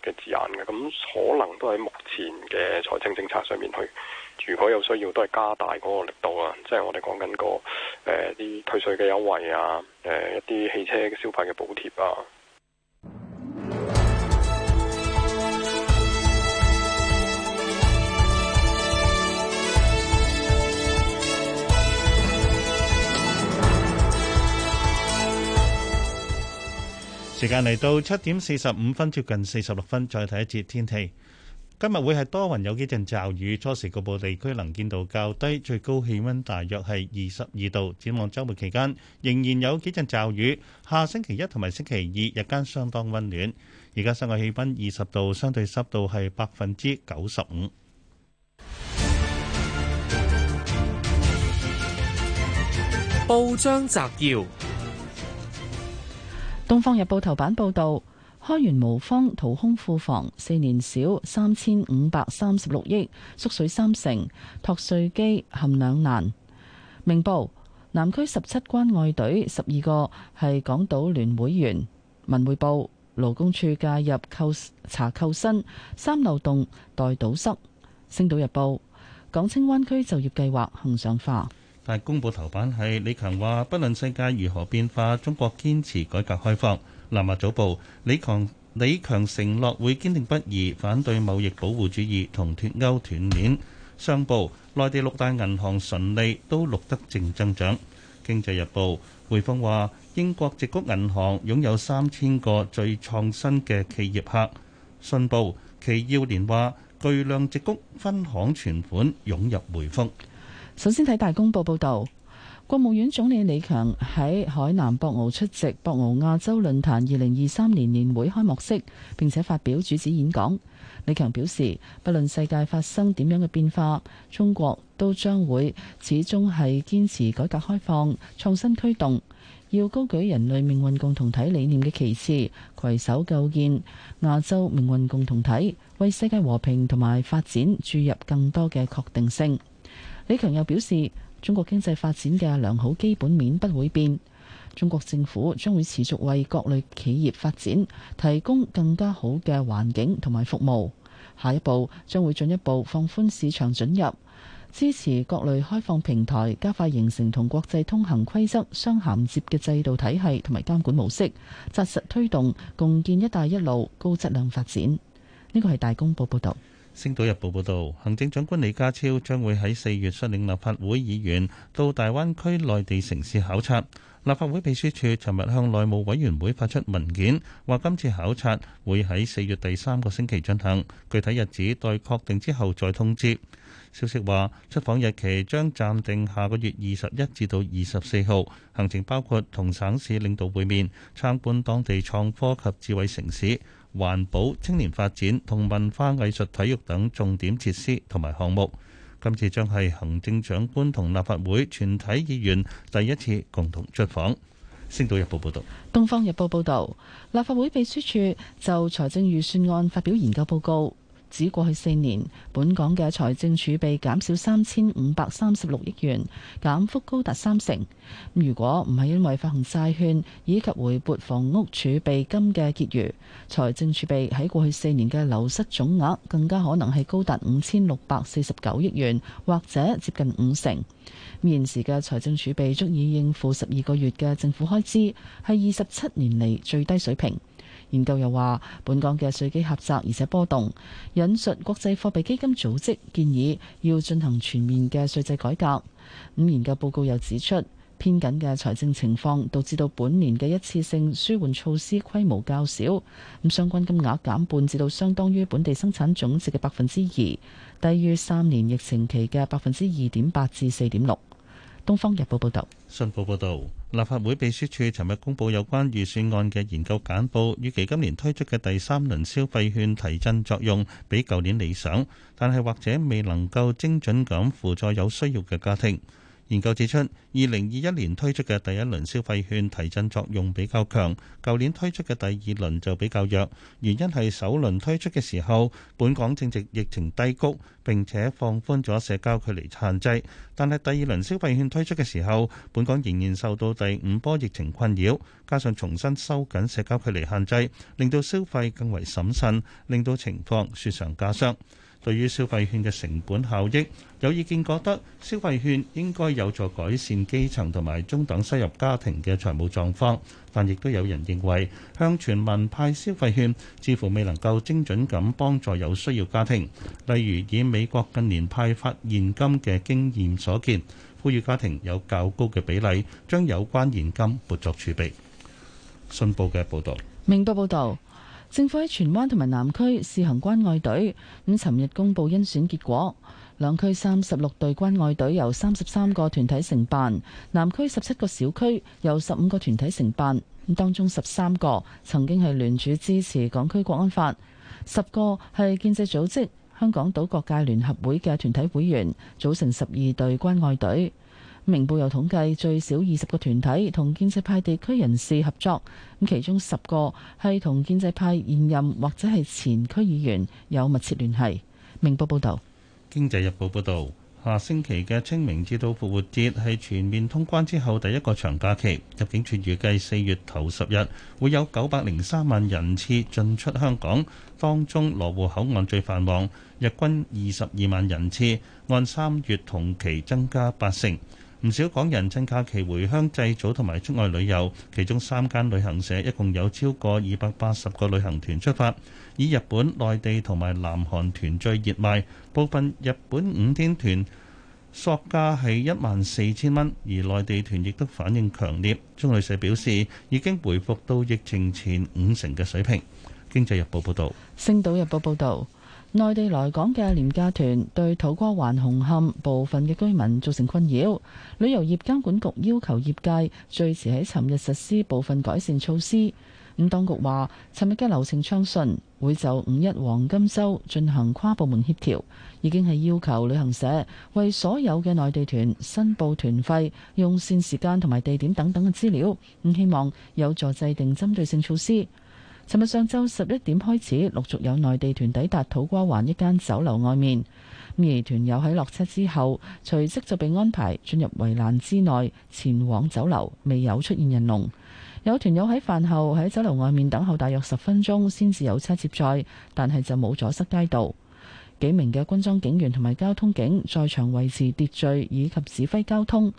嘅字眼嘅，咁可能都喺目前嘅財政政策上面去，如果有需要都係加大嗰個力度啊！即係我哋講緊嗰誒啲退稅嘅優惠啊，誒、呃、一啲汽車嘅消費嘅補貼啊。時間嚟到七點四十五分，接近四十六分，再睇一節天氣。今日會係多雲，有幾陣驟雨。初時局部地區能見度較低，最高氣温大約係二十二度。展望周末期間，仍然有幾陣驟雨。下星期一同埋星期二日間相當温暖。而家室外氣温二十度，相對濕度係百分之九十五。報章摘要。《東方日報》頭版報導，開源無方，掏空庫房，四年少三千五百三十六億，縮水三成。拓稅基陷兩難。《明報》，南區十七關愛隊十二個係港島聯會員。《文匯報》，勞工處介入扣查扣薪三漏洞待堵塞。《星島日報》，港青灣區就業計劃恆常化。大公報頭版係李強話：不論世界如何變化，中國堅持改革開放。南華早報李強李強承諾會堅定不移反對貿易保護主義同脱歐斷鏈。商報內地六大銀行純利都錄得正增長。經濟日報滙豐話：英國矽谷銀行擁有三千個最創新嘅企業客。信報祁耀年話：巨量矽谷分行存款湧入滙豐。首先睇大公報報道，國務院總理李強喺海南博鰲出席博鰲亞洲論壇二零二三年年會開幕式，並且發表主旨演講。李強表示，不論世界發生點樣嘅變化，中國都將會始終係堅持改革開放、創新驅動，要高舉人類命運共同體理念嘅旗幟，攜手構建亞洲命運共同體，為世界和平同埋發展注入更多嘅確定性。李強又表示，中國經濟發展嘅良好基本面不會變，中國政府將會持續為各類企業發展提供更加好嘅環境同埋服務。下一步將會進一步放寬市場准入，支持各類開放平台加快形成同國際通行規則相銜接嘅制度體系同埋監管模式，紮實推動共建「一帶一路」高質量發展。呢個係大公報報道。《星島日報》報道，行政長官李家超將會喺四月率領立法會議員到大灣區內地城市考察。立法會秘書處尋日向內務委員會發出文件，話今次考察會喺四月第三個星期進行，具體日子待確定之後再通知。消息話，出訪日期將暫定下個月二十一至到二十四號，行程包括同省市領導會面、參觀當地創科及智慧城市、環保、青年發展同文化藝術、體育等重點設施同埋項目，今次將係行政長官同立法會全體議員第一次共同出訪。星島日報報道。東方日報報道，立法會秘書處就財政預算案發表研究報告。指過去四年，本港嘅財政儲備減少三千五百三十六億元，減幅高達三成。如果唔係因為發行債券以及回撥房屋儲備金嘅結餘，財政儲備喺過去四年嘅流失總額更加可能係高達五千六百四十九億元，或者接近五成。現時嘅財政儲備足以應付十二個月嘅政府開支，係二十七年嚟最低水平。研究又話，本港嘅稅基狹窄而且波動，引述國際貨幣基金組織建議，要進行全面嘅稅制改革。咁研究報告又指出，偏緊嘅財政情況導致到本年嘅一次性舒緩措施規模較少，咁相關金額減半至到相當於本地生產總值嘅百分之二，低於三年疫情期嘅百分之二點八至四點六。《東方日報》報道。《新報》報道。立法會秘書處尋日公佈有關預算案嘅研究簡報，預期今年推出嘅第三輪消費券提振作用比舊年理想，但係或者未能夠精準噉輔助有需要嘅家庭。研究指出，二零二一年推出嘅第一輪消費券提振作用比較強，舊年推出嘅第二輪就比較弱。原因係首輪推出嘅時候，本港正值疫情低谷，並且放寬咗社交距離限制；但係第二輪消費券推出嘅時候，本港仍然受到第五波疫情困擾，加上重新收緊社交距離限制，令到消費更為審慎，令到情況雪上加霜。對於消費券嘅成本效益，有意見覺得消費券應該有助改善基層同埋中等收入家庭嘅財務狀況，但亦都有人認為向全民派消費券似乎未能夠精準咁幫助有需要家庭。例如以美國近年派發現金嘅經驗所見，富裕家庭有較高嘅比例將有關現金撥作儲備。信報嘅報導，明報報道。政府喺荃灣同埋南區試行關愛隊，咁尋日公佈甄選結果，兩區三十六隊關愛隊由三十三個團體承辦，南區十七個小區由十五個團體承辦，咁當中十三個曾經係聯署支持港區國安法，十個係建制組織香港島各界聯合會嘅團體會員，組成十二隊關愛隊。明報又統計最少二十個團體同建制派地區人士合作，咁其中十個係同建制派現任或者係前區議員有密切聯繫。明報報導，《經濟日報》報導，下星期嘅清明節到復活節係全面通關之後第一個長假期，入境處預計四月頭十日會有九百零三萬人次進出香港，當中羅湖口岸最繁忙，日均二十二萬人次，按三月同期增加八成。唔少港人趁假期回鄉祭祖同埋出外旅遊，其中三間旅行社一共有超過二百八十個旅行團出發，以日本、內地同埋南韓團最熱賣。部分日本五天團索價係一萬四千蚊，而內地團亦都反應強烈。中旅社表示，已經回復到疫情前五成嘅水平。經濟日報報道，星島日報報道。內地來港嘅廉價團對土瓜灣紅磡部分嘅居民造成困擾，旅遊業監管局要求業界最遲喺尋日實施部分改善措施。咁、嗯、當局話，尋日嘅流程暢順，會就五一黃金週進行跨部門協調，已經係要求旅行社為所有嘅內地團申報團費、用膳時間同埋地點等等嘅資料，咁希望有助制定針對性措施。琴日上晝十一點開始，陸續有內地團抵達土瓜灣一間酒樓外面。咁而團友喺落車之後，隨即就被安排進入圍欄之內前往酒樓，未有出現人龍。有團友喺飯後喺酒樓外面等候，大約十分鐘先至有車接載，但係就冇阻塞街道。幾名嘅軍裝警員同埋交通警在場維持秩序以及指揮交通。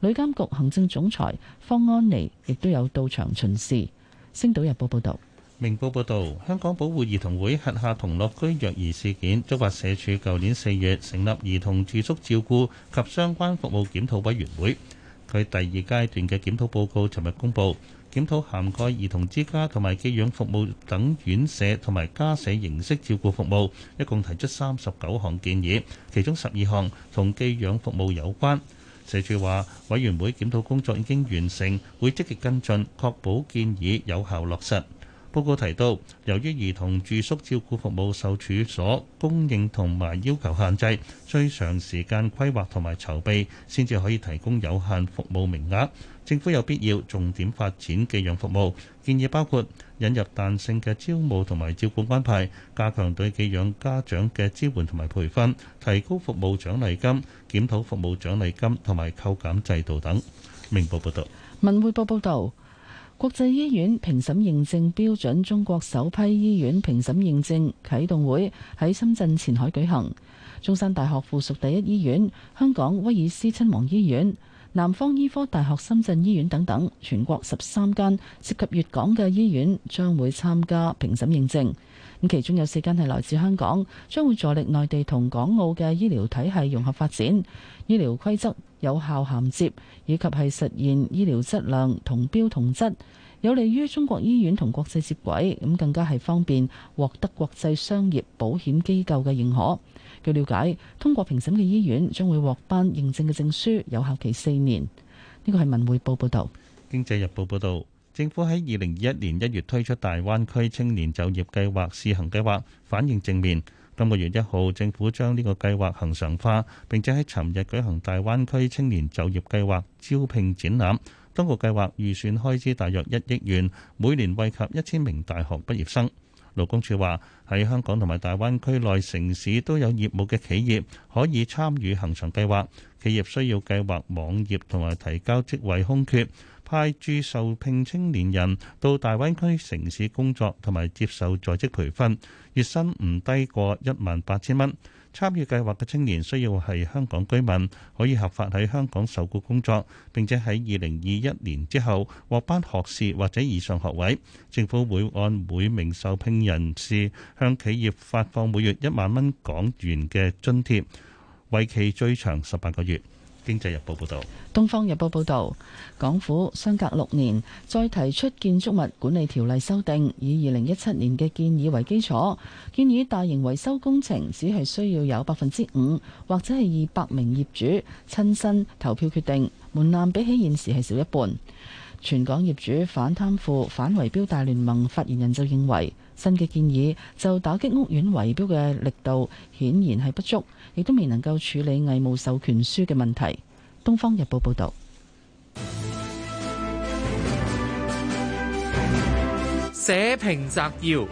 旅監局行政總裁方安妮亦都有到場巡視。星島日報報道。明報報導，香港保護兒童會轄下童樂居虐兒事件觸發社署，舊年四月成立兒童住宿照顧及相關服務檢討委員會。佢第二階段嘅檢討報告，尋日公佈，檢討涵蓋兒童之家同埋寄養服務等院舍同埋家舍形式照顧服務，一共提出三十九項建議，其中十二項同寄養服務有關。社署話，委員會檢討工作已經完成，會積極跟進，確保建議有效落實。報告提到，由於兒童住宿照顧服務受處所供應同埋要求限制，需長時間規劃同埋籌備先至可以提供有限服務名額。政府有必要重點發展寄養服務，建議包括引入彈性嘅招募同埋照顧安排，加強對寄養家長嘅支援同埋培訓，提高服務獎勵金，檢討服務獎勵金同埋扣減制度等。明報報導，文匯報報導。國際醫院評審認證標準中國首批醫院評審認證啟動會喺深圳前海舉行。中山大學附屬第一醫院、香港威爾斯親王醫院、南方醫科大學深圳醫院等等，全國十三間涉及粵港嘅醫院將會參加評審認證。咁其中有四間係來自香港，將會助力內地同港澳嘅醫療體系融合發展，醫療規則有效銜接，以及係實現醫療質量同標同質，有利於中國醫院同國際接軌，咁更加係方便獲得國際商業保險機構嘅認可。據了解，通過評審嘅醫院將會獲頒認證嘅證書，有效期四年。呢個係文匯報報導，《經濟日報》報導。政府喺二零二一年一月推出大灣區青年就業計劃試行計劃，反應正面。今個月一號，政府將呢個計劃恆常化，並且喺尋日舉行大灣區青年就業計劃招聘展覽。當局計劃預算開支大約一億元，每年惠及一千名大學畢業生。勞工處話，喺香港同埋大灣區內城市都有業務嘅企業可以參與恆常計劃，企業需要計劃網頁同埋提交職位空缺。派駐受聘青年人到大灣區城市工作同埋接受在職培訓，月薪唔低過一萬八千蚊。參與計劃嘅青年需要係香港居民，可以合法喺香港受僱工作，並且喺二零二一年之後獲頒學士或者以上學位。政府會按每名受聘人士向企業發放每月一萬蚊港元嘅津貼，為期最長十八個月。經濟日報報道，東方日報報道，港府相隔六年再提出建築物管理條例修訂，以二零一七年嘅建議為基礎，建議大型維修工程只係需要有百分之五或者係二百名業主親身投票決定，門檻比起現時係少一半。全港業主反貪腐反圍標大聯盟發言人就認為，新嘅建議就打擊屋苑圍標嘅力度顯然係不足，亦都未能夠處理藝務授權書嘅問題。《東方日報》報道：社評摘要，《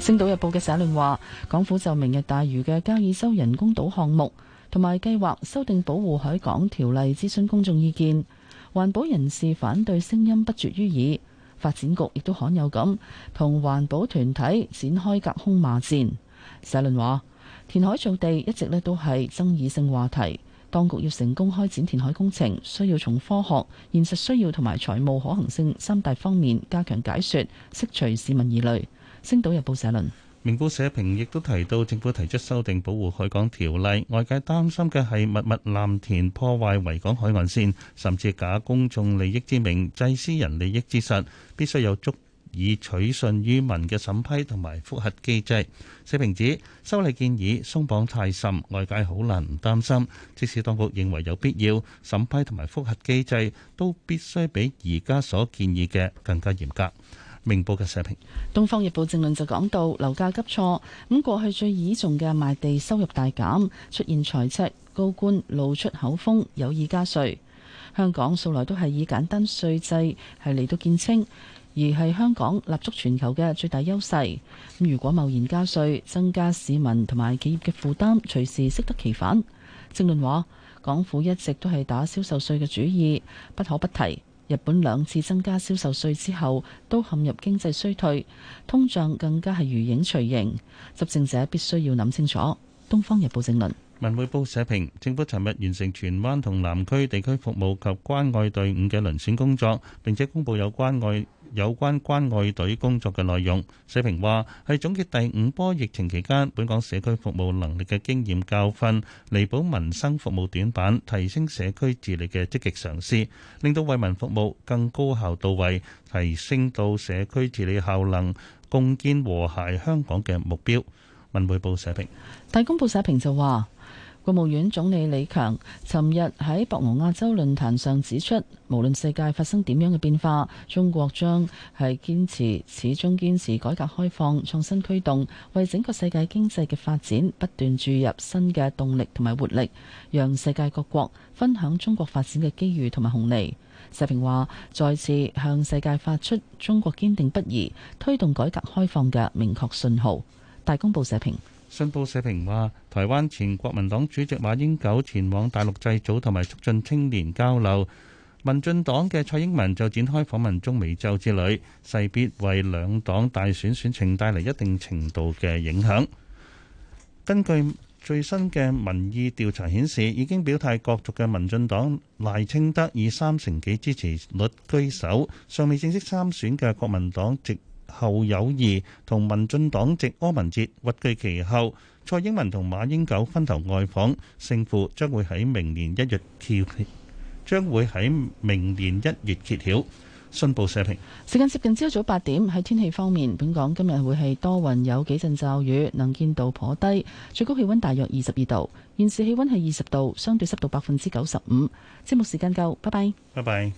星島日報》嘅社論話，港府就明日大嶼嘅交椅洲人工島項目同埋計劃修訂保護海港條例諮詢公眾意見，環保人士反對聲音不絕於耳。發展局亦都罕有咁同環保團體展開隔空罵戰。社論話，填海造地一直呢都係爭議性話題。當局要成功開展填海工程，需要從科學、現實需要同埋財務可行性三大方面加強解說，釋除市民疑慮。星島日報社論。明報社評亦都提到，政府提出修訂保護海港條例，外界擔心嘅係密密濫填破壞維港海岸線，甚至假公眾利益之名濟私人利益之實，必須有足以取信於民嘅審批同埋複核機制。社評指修例建議鬆綁太甚，外界好難唔擔心。即使當局認為有必要審批同埋複核機制，都必須比而家所建議嘅更加嚴格。明報嘅社評，《東方日報》正論就講到樓價急挫，咁過去最倚重嘅賣地收入大減，出現財赤，高官露出口風，有意加稅。香港素來都係以簡單稅制係嚟到見稱，而係香港立足全球嘅最大優勢。咁如果貿然加稅，增加市民同埋企業嘅負擔，隨時適得其反。正論話，港府一直都係打銷售稅嘅主意，不可不提。日本兩次增加銷售稅之後，都陷入經濟衰退，通脹更加係如影隨形。執政者必須要諗清楚。《東方日報》正論，《文匯報》社評，政府尋日完成荃灣同南區地區服務及關愛隊伍嘅遴選工作，並且公佈有關愛。有關關愛隊工作嘅內容，社評話係總結第五波疫情期間本港社區服務能力嘅經驗教訓，彌補民生服務短板，提升社區治理嘅積極嘗試，令到為民服務更高效到位，提升到社區治理效能，共建和諧香港嘅目標。文匯報社評，大公報社評就話。國務院總理李強尋日喺博鰲亞洲論壇上指出，無論世界發生點樣嘅變化，中國將係堅持始終堅持改革開放、創新驅動，為整個世界經濟嘅發展不斷注入新嘅動力同埋活力，讓世界各國分享中國發展嘅機遇同埋紅利。社評話，再次向世界發出中國堅定不移推動改革開放嘅明確信號。大公報社評。信報社評話，台灣前國民黨主席馬英九前往大陸祭祖同埋促進青年交流，民進黨嘅蔡英文就展開訪問中美洲之旅，勢必為兩黨大選選情帶嚟一定程度嘅影響。根據最新嘅民意調查顯示，已經表態角逐嘅民進黨賴清德以三成幾支持率居首，尚未正式參選嘅國民黨籍侯友宜同民進黨籍柯文哲屈居其後，蔡英文同馬英九分頭外訪，勝負將會喺明年一月揭將會喺明年一月揭曉。信報社評，時間接近朝早八點。喺天氣方面，本港今日會係多雲，有幾陣驟雨，能見度頗低，最高氣溫大約二十二度，現時氣溫係二十度，相對濕度百分之九十五。節目時間夠，拜拜。拜拜。